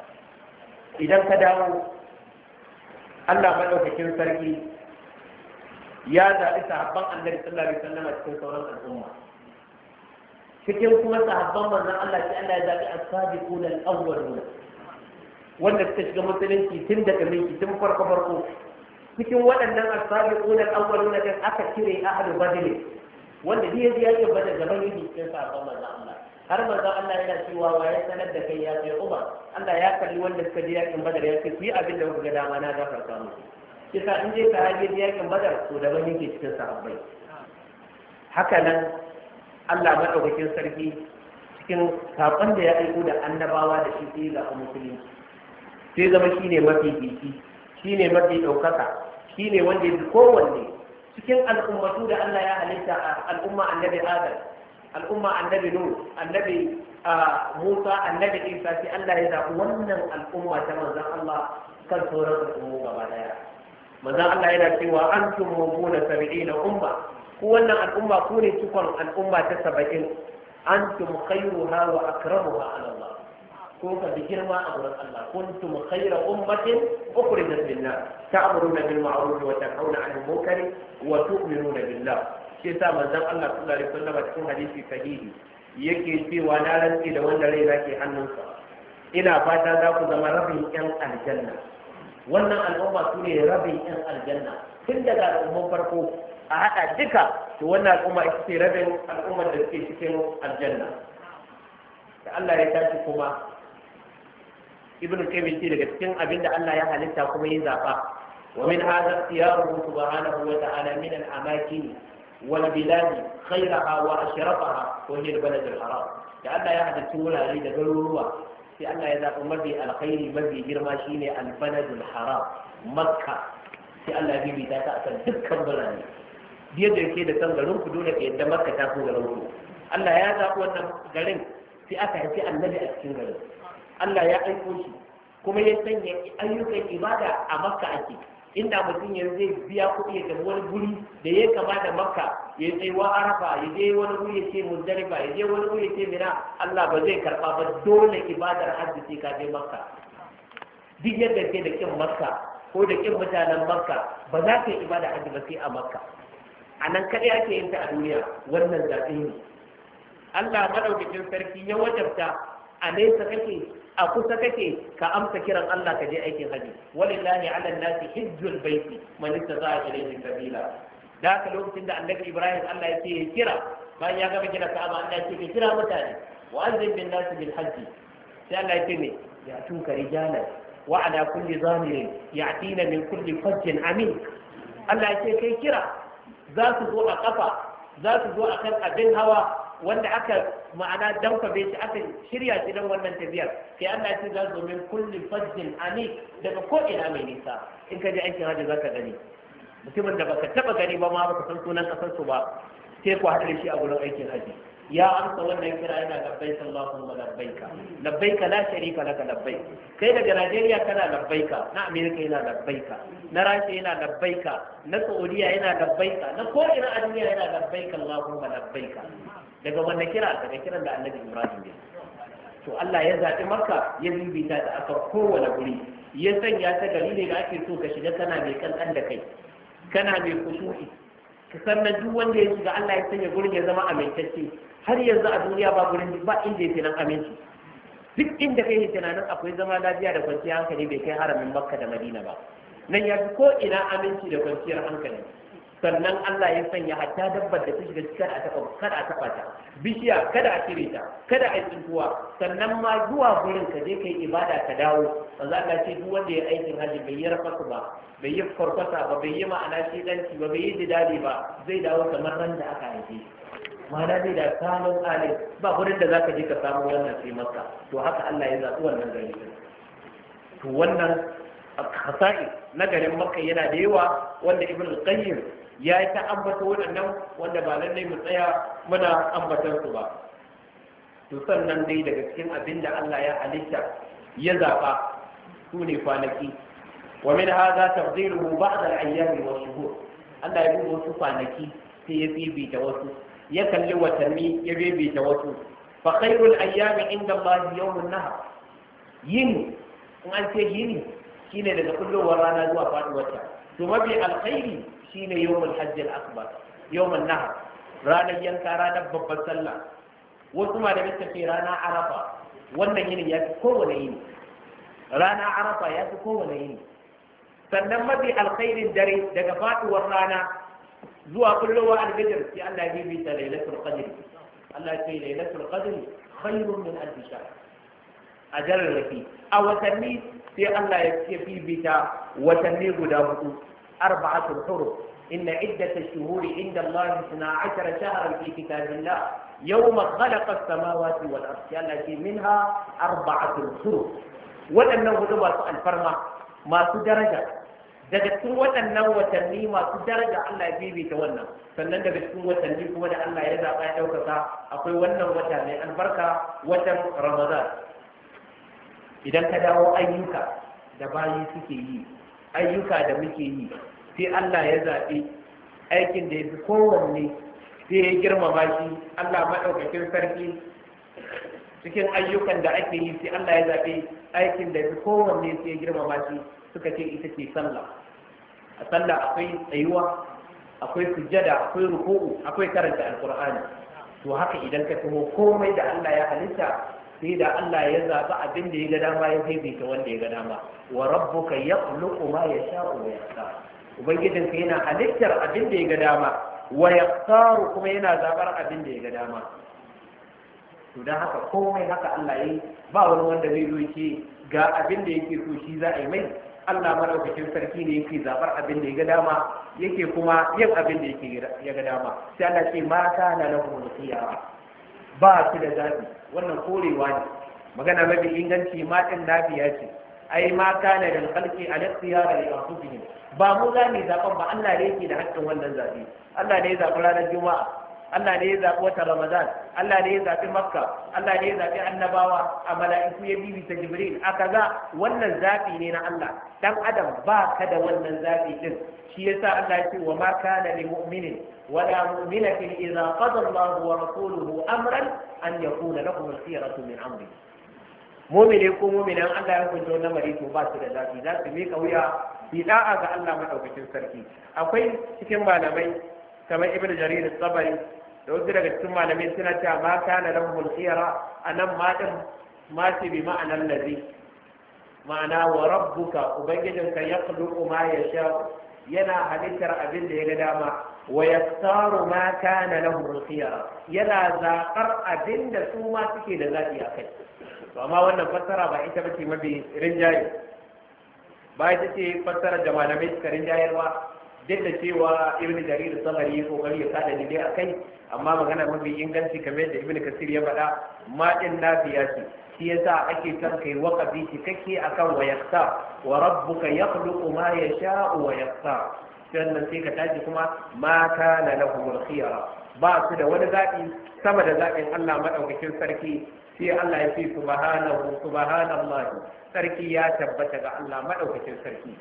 idan ka dawo Allah madaukakin sarki ya zaɓi sahabban annabi sallallahu alaihi wasallam a cikin sauran al'umma cikin kuma sahabban manzon Allah sai Allah ya zaɓi as-sabiqun al-awwalun wanda suka shiga musulunci tun daga minki tun farko farko cikin waɗannan as-sabiqun al-awwalun da aka cire ahadu badr wanda dai ya ji ya ba da gaban yake cikin sahabban manzon Allah har manzon Allah yana cewa wa ya sanar da kai ya kai Umar Allah ya kalli wanda suka je yakin Badar ya ce kuyi yi abin da kuka ga dama na gafarta muku kisa in je ka je yakin Badar to daban yake cikin sahabbai haka nan Allah madaukakin sarki cikin sakon da ya aiko da annabawa da shi sai ga musulmi sai zama shine mafi biki shine mafi daukaka shine wanda ya kowanne cikin al'ummatu da Allah ya halitta al'umma annabi Adam al'umma annabi nuh annabi musa annabi isa sai Allah ya zaɓi wannan al'umma ta manzon Allah kan sauran al'ummu gaba daya manzon Allah yana cewa antum mubuna na umma ku wannan al'umma ku ne cikon al'umma ta saba'in antum khayruha wa akramuha ala Allah ko ka bi girma a wurin Allah kuntum khayra ummatin ukhrijat lin nas ta'muruna bil ma'ruf wa tanhauna 'anil munkari wa tu'minuna billah shi sa manzon Allah sallallahu alaihi wasallam cikin hadisi sahihi yake cewa na rantsi da wanda rai zake hannunsa ina fata za ku zama rabin yan aljanna wannan al'umma su ne rabin yan aljanna tun daga al'umman farko a haɗa duka to wannan al'umma ita ce rabin al'ummar da suke cikin aljanna da Allah ya tashi kuma ibnu kayyim ce daga cikin abin da Allah ya halitta kuma ya zaba wa min hadha ikhtiyaruhu subhanahu wa ta'ala min al-amakin والبلاد خيرها وأشرفها وهي البلد الحرام لأن يحدث ولا da garuruwa sai Allah ya zaɓi mafi alkhairi mafi girma shine albaladul haram makka sai Allah ya bibita ta akan dukkan birane biyar da yake da san garin ku dole ka yadda makka ta ku garin ku Allah ya zaɓi wannan garin sai aka haifi annabi a cikin garin Allah ya aiko shi kuma ya sanya ayyukan ibada a makka ake inda mutum yanzu zai biya kuɗi ya tafi wani guri da ya kama da makka ya tsaye wa arafa ya je wani guri ya ce muzdalifa ya je wani guri ya ce mina Allah ba zai karɓa ba dole ibadar hajji sai ka je makka duk yadda ke da kin makka ko da kin mutanen makka ba za ka yi ibadar hajji ba sai a makka a nan kaɗai ake yin ta a duniya wannan zaɓe ne Allah madaukakin sarki ya wajabta a nesa kake a kusa kake ka amsa kiran Allah ka je aikin haji walillahi ala nasi hijjul baiti man istata'a ilayhi sabila da ka lokacin da annabi Ibrahim Allah yake kira bayan ya gama gina Ka'aba Allah yake kira mutane wa anzil bin nasi bil haji. sai Allah yake ne ya tuka rijalan wa ala kulli zamirin ya'tina min kulli fajjin amin Allah yake kai kira za su zo a kafa za su zo akan abin hawa wanda aka ma'ana dankwabe shi aka shirya shi don wannan tafiyar sai Allah ya ce za su min kulli fajjin ani daga ko ina mai nisa in ka je aikin hajji zaka gani mutumin da baka taba gani ba ma baka san sunan kasar su ba sai ku haɗa shi a gurin aikin hajji ya amsa wannan kira yana labbaika Allahumma labbaika labbaika la sharika laka labbaik kai daga Najeriya kana labbaika na Amerika yana labbaika na Rasha yana labbaika na Saudiya yana labbaika na ko ina a duniya yana labbaika Allahumma labbaika daga wanne kira daga kiran da annabi ibrahim ya to Allah ya zaɓi maka ya bibita ta aka kowane guri ya sanya ta gari ne da ake so ka shiga kana mai kankan da kai kana mai kusuri ka sannan duk wanda ya shiga Allah ya sanya gurin ya zama amintacce har yanzu a duniya ba gurin ba inda ya nan aminci duk inda kai yi tunanin akwai zama lafiya da kwanciyar hankali bai kai haramin makka da madina ba nan ya fi ko ina aminci da kwanciyar hankali sannan Allah ya sanya hatta dabbar da ta shiga cikin a taba kada a taba ta bishiya kada a cire ta kada a tsintuwa sannan ma zuwa gurin ka je kai ibada ka dawo manzo Allah ce duk wanda ya aikin haji bai yi rafasu ba bai yi farfasa ba bai yi ma'ana shi ba bai yi didali ba zai dawo kamar ran da aka haife ma'ana dai da salon alif ba gurin da zaka je ka samu wannan sai maka to haka Allah ya zaɓi wannan gari to wannan hasa'i na garin makka yana da yawa wanda ibn qayyim ya yi ta ambata waɗannan wanda ba lallai mu tsaya muna ambatan su ba to sannan dai daga cikin abin da Allah ya halitta ya zaɓa su ne kwanaki wa min hadha tabdiluhu ba'd al-ayyam wa shuhur Allah ya duba wasu kwanaki sai ya bibita wasu ya kalli watanni ya bibita wasu fa khairul ayyami inda Allah yawmun nahar yin in an ce yini shine daga kullowar rana zuwa faduwar ta to mafi alkhairi shine yawmul hajjil akbar yawmul nahar ranar yanka ranar babban sallah wasu ma da suka ce rana arafa wannan yini ya fi kowane yini rana arafa ya fi kowane yini sannan mafi alkhairin dare daga faduwar rana zuwa kullowa alfajir sai Allah ya bita ta lailatul qadr Allah ya ce lailatul qadr khairun min alf shahr ajarrafi a watanni sai Allah ya ce bibita watanni guda hudu أربعة حروف إن عدة الشهور عند الله اثنا عشر شهرا في كتاب الله يوم خلق السماوات والأرض التي منها أربعة حروف waɗannan hudu masu alfarma masu daraja daga cikin waɗannan watanni masu daraja Allah ya bibita wannan sannan daga cikin watanni kuma da Allah ya zaɓa ya ɗaukaka akwai wannan wata mai albarka watan Ramadan idan ka dawo ayyuka da bayi suke yi ayyuka da muke yi sai Allah ya zaɓi aikin da ya fi kowanne sai ya girmama shi Allah maɗaukakin sarki cikin ayyukan da ake yi sai Allah ya zaɓi aikin da ya fi kowanne sai ya girmama shi suka ce ita ce sallah a sallah akwai tsayuwa akwai sujjada akwai ruku'u akwai karanta alqur'ani to haka idan ka tuho komai da Allah ya halitta sai da Allah ya zaɓi abin da ya ga dama ya fifita wanda ya ga dama wa rabbuka yakhluqu ma yasha'u wa yaqtar ubangijin ka yana halittar abin da ya ga dama wa yaqtar kuma yana zabar abin da ya ga dama to dan haka komai haka Allah yi, ba wani wanda zai zo ce ga abin da yake so shi za a yi mai Allah madaukakin sarki ne yake zabar abin da ya ga dama yake kuma yin abin da ya ga dama sai Allah ce mata na lahumul khiyara ba shi da zabi wannan korewa ne magana mafi inganci ma lafiya nafiya ce ai ma kana da khalqi al ikhtiyara li ba mu za mu zaɓen ba Allah ne yake da haƙƙin wannan zaɓe Allah ne ya zaɓi ranar juma'a Allah ne ya zaɓi wata Ramadan Allah ne ya zaɓi Makka Allah ne ya zaɓi annabawa a mala'iku ya bibi ta Jibril a kaza wannan zaɓi ne na Allah dan adam ba ka da wannan zaɓi din shi yasa Allah ya ce wa ma kana lil mu'minin wala mu'minatin idza qada Allah wa rasuluhu amran an yakuna lahum khiyaratu min amri mumine ko muminan Allah ya hukunta wannan mari to ba su da zafi za su mika wuya bida'a ga Allah madaukakin sarki akwai cikin malamai kamar Ibn Jarir al da wasu daga cikin malamai suna cewa ma kana lahum khiyara anan ma din ma ce bi ma'anar ladhi ma'ana wa rabbuka ubangijinka yakhluqu ma yasha yana halittar abin da ya ga dama wa yaktaru ma kana lahum khiyara yana zaƙar abin da su ma suke da zaɓi a kai to amma wannan fassara ba ita ce mabi rinjaye ba ita ce fassara da malamai suka rinjayar ba duk da cewa ibn jarir sabari ya kokari ya kada ni dai akai amma magana mafi inganci kamar yadda ibnu kasir ya faɗa ma din nafiya ce shi yasa ake san kai waqafi kake akan wa yaqta wa rabbuka yakhluqu ma yasha'u wa yaqta sannan sai ka tashi kuma ma kana lahumul khiyara ba su da wani zaɓi sama da zaɓin Allah madaukakin sarki sai Allah ya ce subhanahu subhanallahi sarki ya tabbata ga Allah maɗaukakin sarki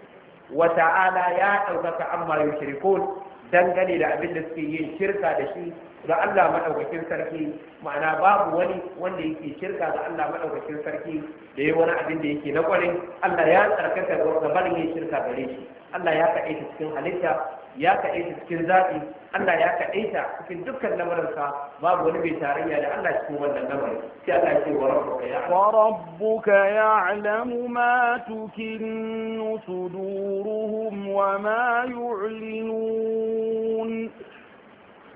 wa ta'ala ya ɗaukaka amma yushrikun dangane da abin da suke yin shirka da shi ga Allah maɗaukakin sarki ma'ana babu wani wanda yake shirka ga Allah maɗaukakin sarki da yayi wani abin da yake na kwarin Allah ya tsarkaka ga barin yin shirka gare shi Allah ya kaɗe shi cikin halitta ya kaɗe ta cikin zaɓi Allah ya kaɗe ta cikin dukkan lamarinsa babu wani mai tarayya da Allah cikin wannan lamarin sai Allah ya ce wa rabbuka ya wa rabbuka ya'lamu ma tukinnu suduruhum wa ma yu'linun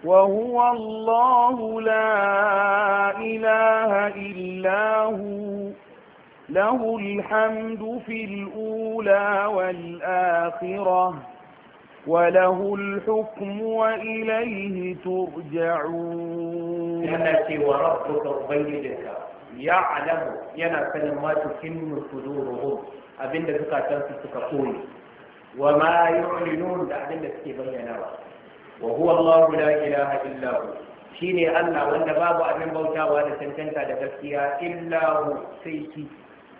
وهو الله لا إله إلا هو له الحمد في الأولى والآخرة وله الحكم وإليه ترجعون ينتي وربك وبيدك يعلم ينا ما تكن صدورهم أبن ذكا تنسي تقول وما يعلنون أبن ذكي بينا وهو الله لا إله إلا هو شيني الله وأن باب أبن بوتا وأنا سنتنتا دفسيها إلا هو سيكي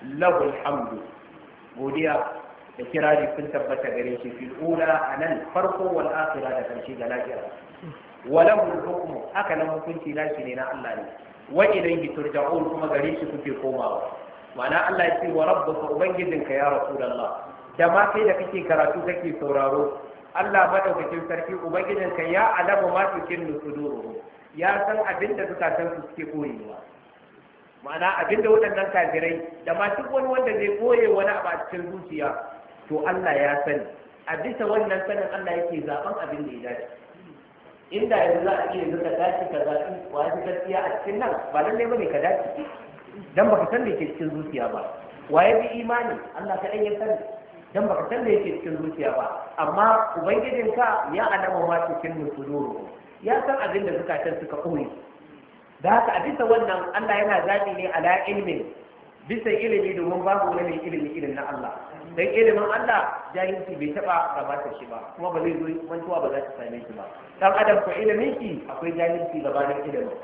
له الحمد godiya da kirari sun tabbata gare shi fil ula anan farko wal akhirah da karshe ga lahira walahu hukmu haka nan hukunci nashi ne na Allah ne wa ilayhi turja'un kuma gare shi kuke komawa ma'ana Allah ya ce wa rabbuka ubangijinka ya rasulullah da ma kai da kake karatu kake sauraro Allah madaukakin sarki ubangijinka ya alamu ma tukin nusuduru ya san abin da zukatan su suke koyewa ma'ana abin da waɗannan kafirai da ma duk wani wanda zai koye wani abu a cikin zuciya to Allah ya sani a bisa wannan sanin Allah yake zaben abin da ya dace inda yanzu za a iya yanzu ka dace ka zaɓi wa ya gaskiya a cikin nan ba lallai bane ka dace dan baka san da yake cikin zuciya ba wa ya bi imani Allah kaɗai ya sani dan baka san da yake cikin zuciya ba amma ubangijinka ya alama ma cikin musuluru ya san abin da zukatan suka koyi da haka a bisa wannan Allah yana zaɓi ne ala ilmin bisa ilimi domin babu wani mai ilimi irin na Allah dan ilimin Allah jahilci bai taba gabatar shi ba kuma ba zai zo mantuwa ba za ta same shi ba dan adam ko ilimin ki akwai jahilci gabanin ilimin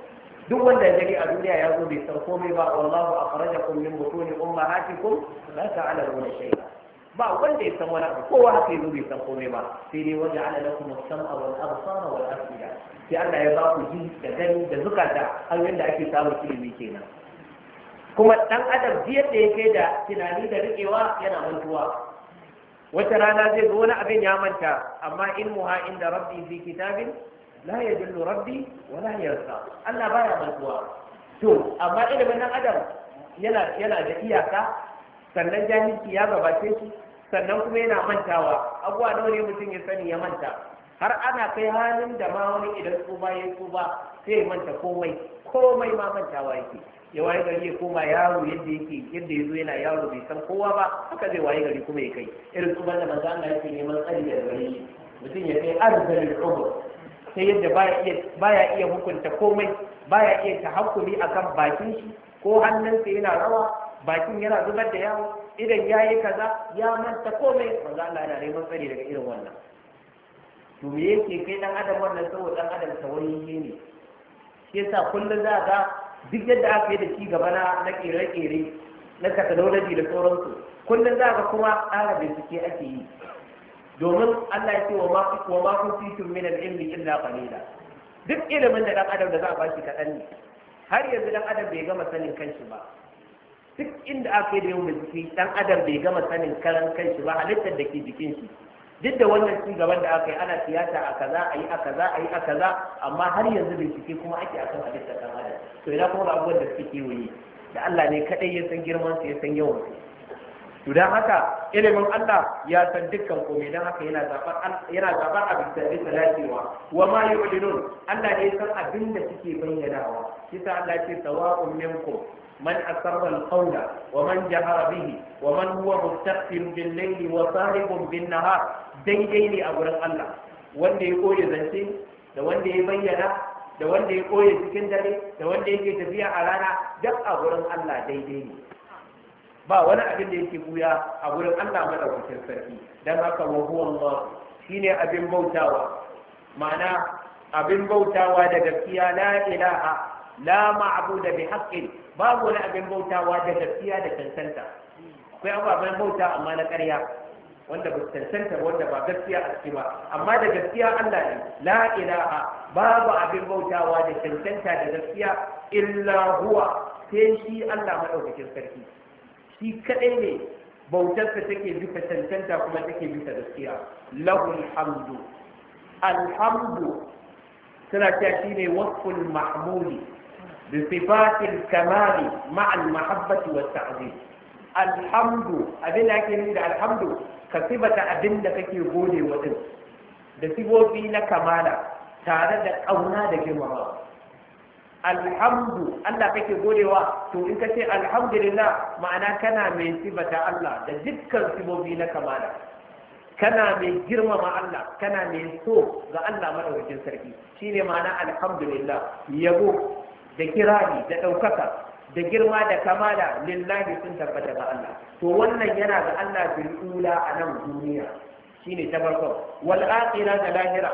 duk wanda gari a duniya ya zo bai san komai ba wallahu akhrajakum min butuni ummahatikum la ta'lamuna shay'a ba wanda ya san wani abu kowa haka zo bai san komai ba sai dai wanda ala lakum as-sam'a wal absara wal afida sai Allah ya ba ku ji da gani da zukata har yanda ake samun ilimi kenan kuma ɗan adam biyar da ya kai da tunani da riƙewa yana mantuwa wata rana zai zo wani abin ya manta amma in muha inda rabbi fi kitabin la yadullu rabbi wa la yarsa Allah baya mantuwa to amma ilimin ɗan adam yana da iyaka sannan jahilci ya gabace shi sannan kuma yana mantawa abuwa nawa ne mutum ya sani ya manta har ana kai halin da ma wani idan tsuba ya tsuba sai ya manta komai komai ma mantawa yake ya waye gari ya koma yaro yadda yake yadda ya zo yana yaro bai san kowa ba haka zai waye gari kuma ya kai irin su da manzo Allah yake neman tsari da gari, mutum ya kai arzalin umur ta yadda baya iya hukunta komai baya iya a akan bakin shi ko hannunsa yana rawa bakin yana zubar da yawo idan ya yi kaza ya manta komai manzo Allah yana neman tsari daga irin wannan to me yake kai dan adam wannan saboda dan adam tawayi ne shi yasa kullum za ka duk yadda aka yi da ci gaba na na ƙere kere na technology da sauransu kullum za ka kuma tsara bincike ake yi domin Allah ya ce wa ma wa ma kuntum ilmi illa qalila duk ilimin da dan adam da za a bashi kaɗan ne har yanzu dan adam bai gama sanin kanshi ba duk inda aka yi da yau bincike ɗan adam bai gama sanin karan kanshi ba halittar da ke jikin shi duk da wannan ci gaban da aka yi ana siyasa a kaza a yi a kaza a yi a kaza amma har yanzu bincike kuma ake akan abin da kan adam to ina kuma abubuwan da suke kewaye da Allah ne kadai ya san girman su ya san yawan su to dan haka ilimin Allah ya san dukkan komai dan haka yana zabar yana zabar bisa da yake wa ma yu'linun Allah ne ya san abin da suke bayyanawa kisa Allah ce sawa'un minkum من أسر القول ومن جهر به ومن هو مستخف بالليل وصاحب بالنهار daidai ne a gurin Allah wanda ya koya zance da wanda ya bayyana da wanda ya koya cikin dare da wanda yake tafiya a rana duk a gurin Allah daidai ne ba wani abin da yake buya a gurin Allah madaukakin sarki dan haka wa huwa Allah shine abin bautawa ma'ana abin bautawa da gaskiya la ilaha la ma'budu bi haqqin babu wani abin bautawa da gaskiya da tantanta akwai ababen bauta amma na ƙarya wanda ba cancanta wanda ba gaskiya a ciki ba amma da gaskiya Allah ne la ilaha babu abin bautawa da cancanta da gaskiya illa huwa sai shi Allah madaukakin sarki shi kadai ne bautarsa take bisa cancanta kuma take bisa gaskiya lahul hamdu alhamdu suna cewa shine wasful mahmudi bi sifatil kamali ma'al mahabbati wat ta'zim alhamdu abin da ake nufi da alhamdu ka sibata abin da kake gode wa din da sibobi na kamala tare da ƙauna da girmama alhamdu Allah kake godewa to in ka ce alhamdulillah ma'ana kana mai sibata Allah da dukkan sibobi na kamala kana mai girmama Allah kana mai so ga Allah madaukakin sarki shine ma'ana alhamdulillah yabo da kirari da ɗaukaka da girma da kamala lillahi sun tabbata ga Allah to wannan yana ga Allah bil ula a nan duniya shine ta farko wal akhira da lahira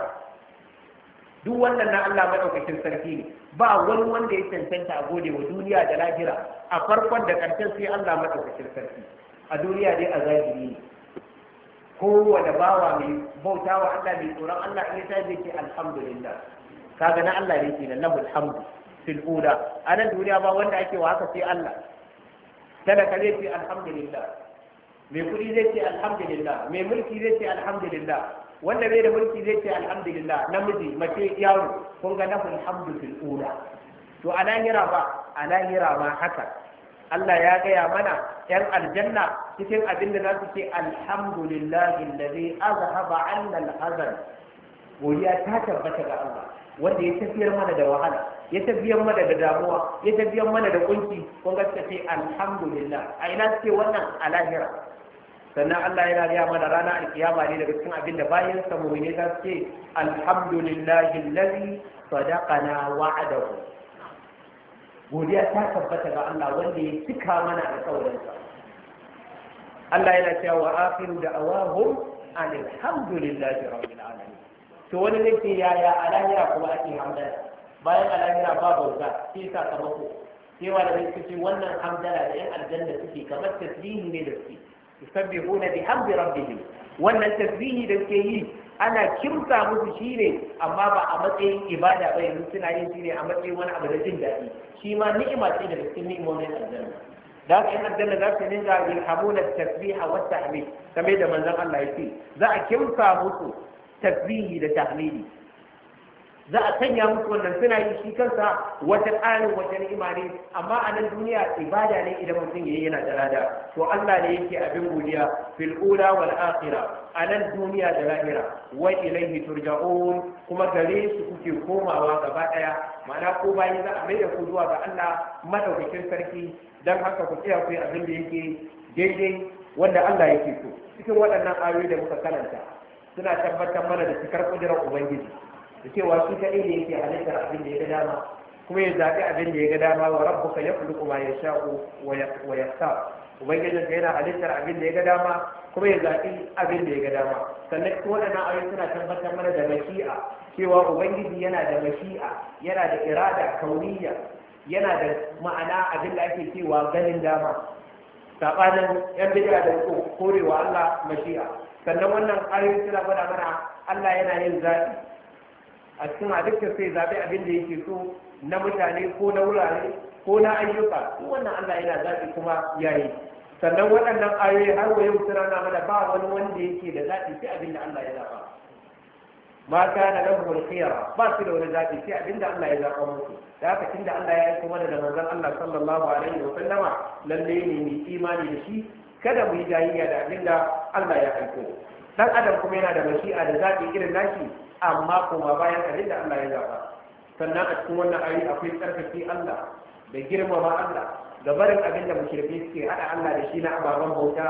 duk wannan na Allah madaukakin sarki ne ba wani wanda ya cancanta a gode wa duniya da lahira a farkon da karshen sai Allah madaukakin sarki a duniya dai a zahiri ne kowane bawa mai bauta wa Allah mai tsoron Allah in ya tashi ce alhamdulillah kaga na Allah ne ke da na hamdu fil ula a nan duniya ba wanda ake wa haka sai Allah talaka zai ce alhamdulillah mai kudi zai ce alhamdulillah mai mulki zai ce alhamdulillah wanda bai da mulki zai ce alhamdulillah namiji mace yaro kun ga nafin hamdu fil ula to a lahira ba a lahira ma haka Allah ya gaya mana ‘yan aljanna cikin abin da za su ce alhamdulillahi lalai azhaba annal hazan godiya ta tabbata ga Allah wanda ya tafiyar mana da wahala ya tafiyar mana da damuwa ya tafiyar mana da kunci kun ga sai alhamdulillah a ina ce wannan alahira sannan Allah yana gaya mana rana alkiyama ne daga cikin abin da bayan sa mu'mini za su ce alhamdulillahi allazi sadaqana wa'adahu godiya ta tabbata ga Allah wanda ya cika mana alƙawarinsa Allah yana cewa wa akhiru awahum alhamdulillahi rabbil alamin to wani zai yaya a lahira kuma ake hamdala bayan a lahira ba bauta shi yasa sai cewa da zai ce wannan hamdala da yan aljanna suke kamar tasbihi ne da suke yusabbihuna bihamdi rabbihim wannan tasbihi da suke yi ana kimsa musu shi ne amma ba a matsayin ibada ba yanzu suna yin shi ne a matsayin wani abu da jin daɗi shi ma ni'ima ce daga cikin ni'imomin aljanna da haka yan aljanna za su dinga yalhamuna tasbiha wata tahmid kamar da manzon Allah ya ce za a kimsa musu tasbihi da tahmidi za a sanya musu wannan suna yi shi kansa wata tsarin wata ni'ima ne amma a nan duniya ibada ne idan mutum yayi yana da lada to Allah ne yake abin godiya fil ula wal akhira a nan duniya da lahira wa ilaihi turja'un kuma gare su kuke komawa gaba daya ma'ana ko bayan za a da ku zuwa ga Allah madaukakin sarki dan haka ku tsaya ku yi abin da yake daidai wanda Allah yake so cikin waɗannan ayoyi da muka karanta suna tabbatar mana da cikar kudirar ubangiji da cewa shi kaɗai ne yake halittar abin da ya ga dama kuma ya zaɓi abin da ya ga dama wa rabbuka yakhluqu ma yasha'u wa yaqtar ubangijin yana halittar abin da ya ga dama kuma ya zaɓi abin da ya ga dama sannan kuma waɗannan ayoyi suna tabbatar mana da mashi'a cewa ubangiji yana da mashi'a yana da irada kauniya yana da ma'ana abin da ake cewa ganin dama saɓanin yan bid'a da korewa Allah mashi'a sannan wannan ayoyi suna gwada mana Allah yana yin zaɓi a cikin halittar sai zaɓi abin da yake so na mutane ko na wurare ko na ayyuka ko wannan Allah yana zaɓi kuma yayi sannan waɗannan ayoyi har wa yau suna na mana ba wani wanda yake da zaɓi sai abin da Allah ya zaɓa mata na nan mulkiyar ba su da wani zaɓi sai abin da Allah ya zaɓa musu da haka tunda da Allah ya yi kuma da manzon Allah sallallahu alaihi wa sallama lalle ne mai imani da shi kada mu yi jayayya da abinda Allah ya aiko dan adam kuma yana da mashi'a da zaɓi irin nashi amma kuma bayan abin Allah ya zaɓa sannan a cikin wannan ayi akwai tsarkake Allah da girmama Allah da barin abin da mushrikai suke hada Allah da shi na ababen bauta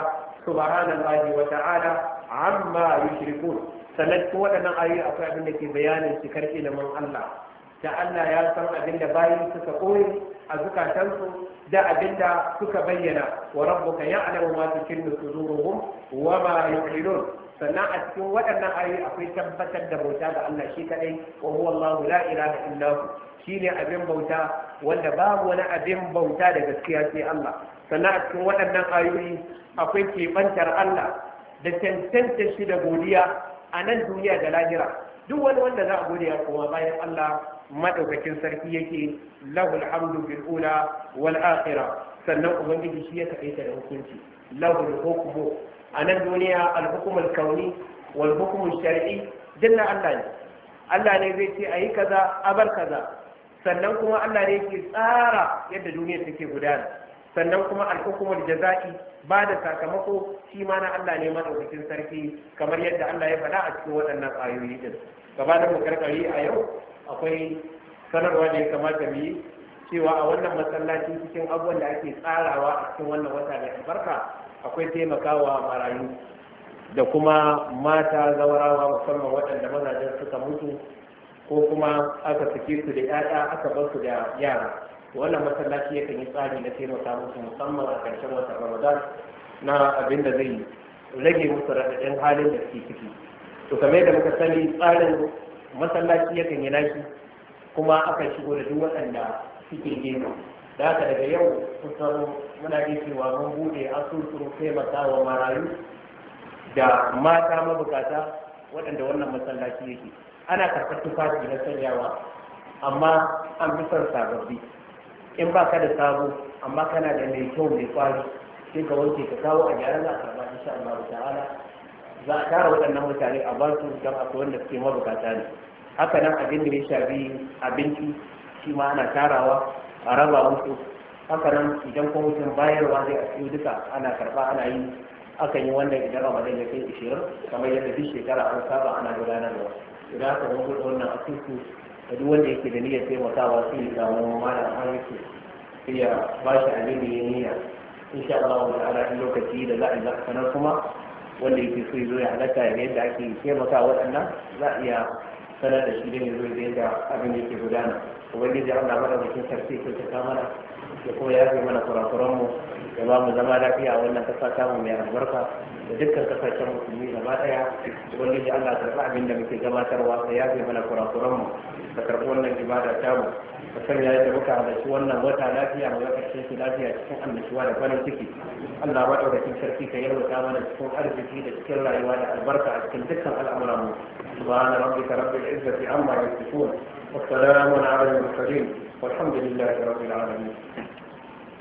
subhanallahi wa ta'ala amma yushrikun sannan cikin waɗannan ayoyi akwai abin da ke bayanin cikar ilimin Allah da Allah ya san abin da bayan suka koyi a zukatansu da abin da suka bayyana wa rabbuka ya'lamu ma tukinnu suduruhum wa ma yu'linun sannan a cikin waɗannan ayoyi akwai tabbatar da bauta ga Allah shi kadai wa huwa Allah la ilaha illa hu shine abin bauta wanda babu wani abin bauta da gaskiya sai Allah sannan a cikin waɗannan ayoyi akwai kebantar Allah da tantance shi da godiya a nan duniya da lahira duk wani wanda za a gode ya koma bayan Allah madaukakin sarki yake lahul hamdu bil ula wal akhirah sannan ubangiji shi ya kaita da hukunci lahul hukmu a nan duniya al hukm al kauni wal shar'i dinna Allah ne Allah ne zai ce ayi kaza a bar kaza sannan kuma Allah ne yake tsara yadda duniya take gudana sannan kuma al hukm al jaza'i ba da sakamako shi ma na Allah ne madaukakin sarki kamar yadda Allah ya faɗa a cikin waɗannan ayoyi din gaba da mu karkari a yau akwai sanarwa da ya kamata mu yi cewa a wannan masallacin cikin abubuwan da ake tsarawa a cikin wannan wata da albarka akwai taimakawa marayu da kuma mata zawarawa musamman waɗanda mazajen suka mutu ko kuma aka sake su da 'ya'ya aka bar su da yara wannan masallaci yakan yi tsari na taimaka musu musamman a ƙarshen watan ramadan na abin da zai rage musu raɗaɗin halin da suke ciki to kamar yadda muka sani tsarin masallaci yakan yi shi, kuma aka shigo da duk waɗanda suke gefe da haka daga yau kusan muna yi cewa mun bude asusun taimaka wa marayu da mata mabukata waɗanda wannan masallaci yake ana karɓar tufafi na sanyawa amma an fi son sababbi in ba ka da sabo amma kana da mai kyau mai kwari sai ka wanke ka kawo a gyaran za a karɓa insha Allah ta'ala za a tara waɗannan mutane a ba su don akwai wanda suke mabukata ne haka nan abin da ya shafi abinci shi ma ana tarawa a raba musu haka nan idan kuma mutum bayarwa zai a cikin duka ana karɓa ana yi akan yi wannan idan ramadan ya kai ishirin kamar yadda duk shekara an saba ana gudanarwa idan aka zama gudu wannan asusu da duk wanda yake da niyyar taimakawa su yi samu malam an yake ya ba shi abin da ya niyya insha Allah ta'ala in lokaci da za a yi sanar kuma wanda yake so ya zo ya halatta ya yadda ake taimaka waɗannan za a iya sanar da shi ne ya zo ya yadda abin yake gudana ubangiji Allah mana bikin sarki ko ta mana ya kuma yafe mana kurakuran mu ya ba mu zama lafiya wannan kasa ta mu mai albarka da dukkan kasashen musulmi gaba daya ubangiji Allah karɓi abin da muke gabatarwa ya yafe mana kurakuran mu ka karɓi wannan ibada ta mu mutum ya yi da muka halarci wannan wata lafiya mu karshen shi lafiya cikin annashuwa da farin ciki Allah ba daukakin sarki ka yarwata mana cikin arziki da cikin rayuwa da albarka a cikin dukkan al'amuran mu subhana rabbika rabbil izzati amma yasifun wa salamun ala al-mursalin والحمد لله رب العالمين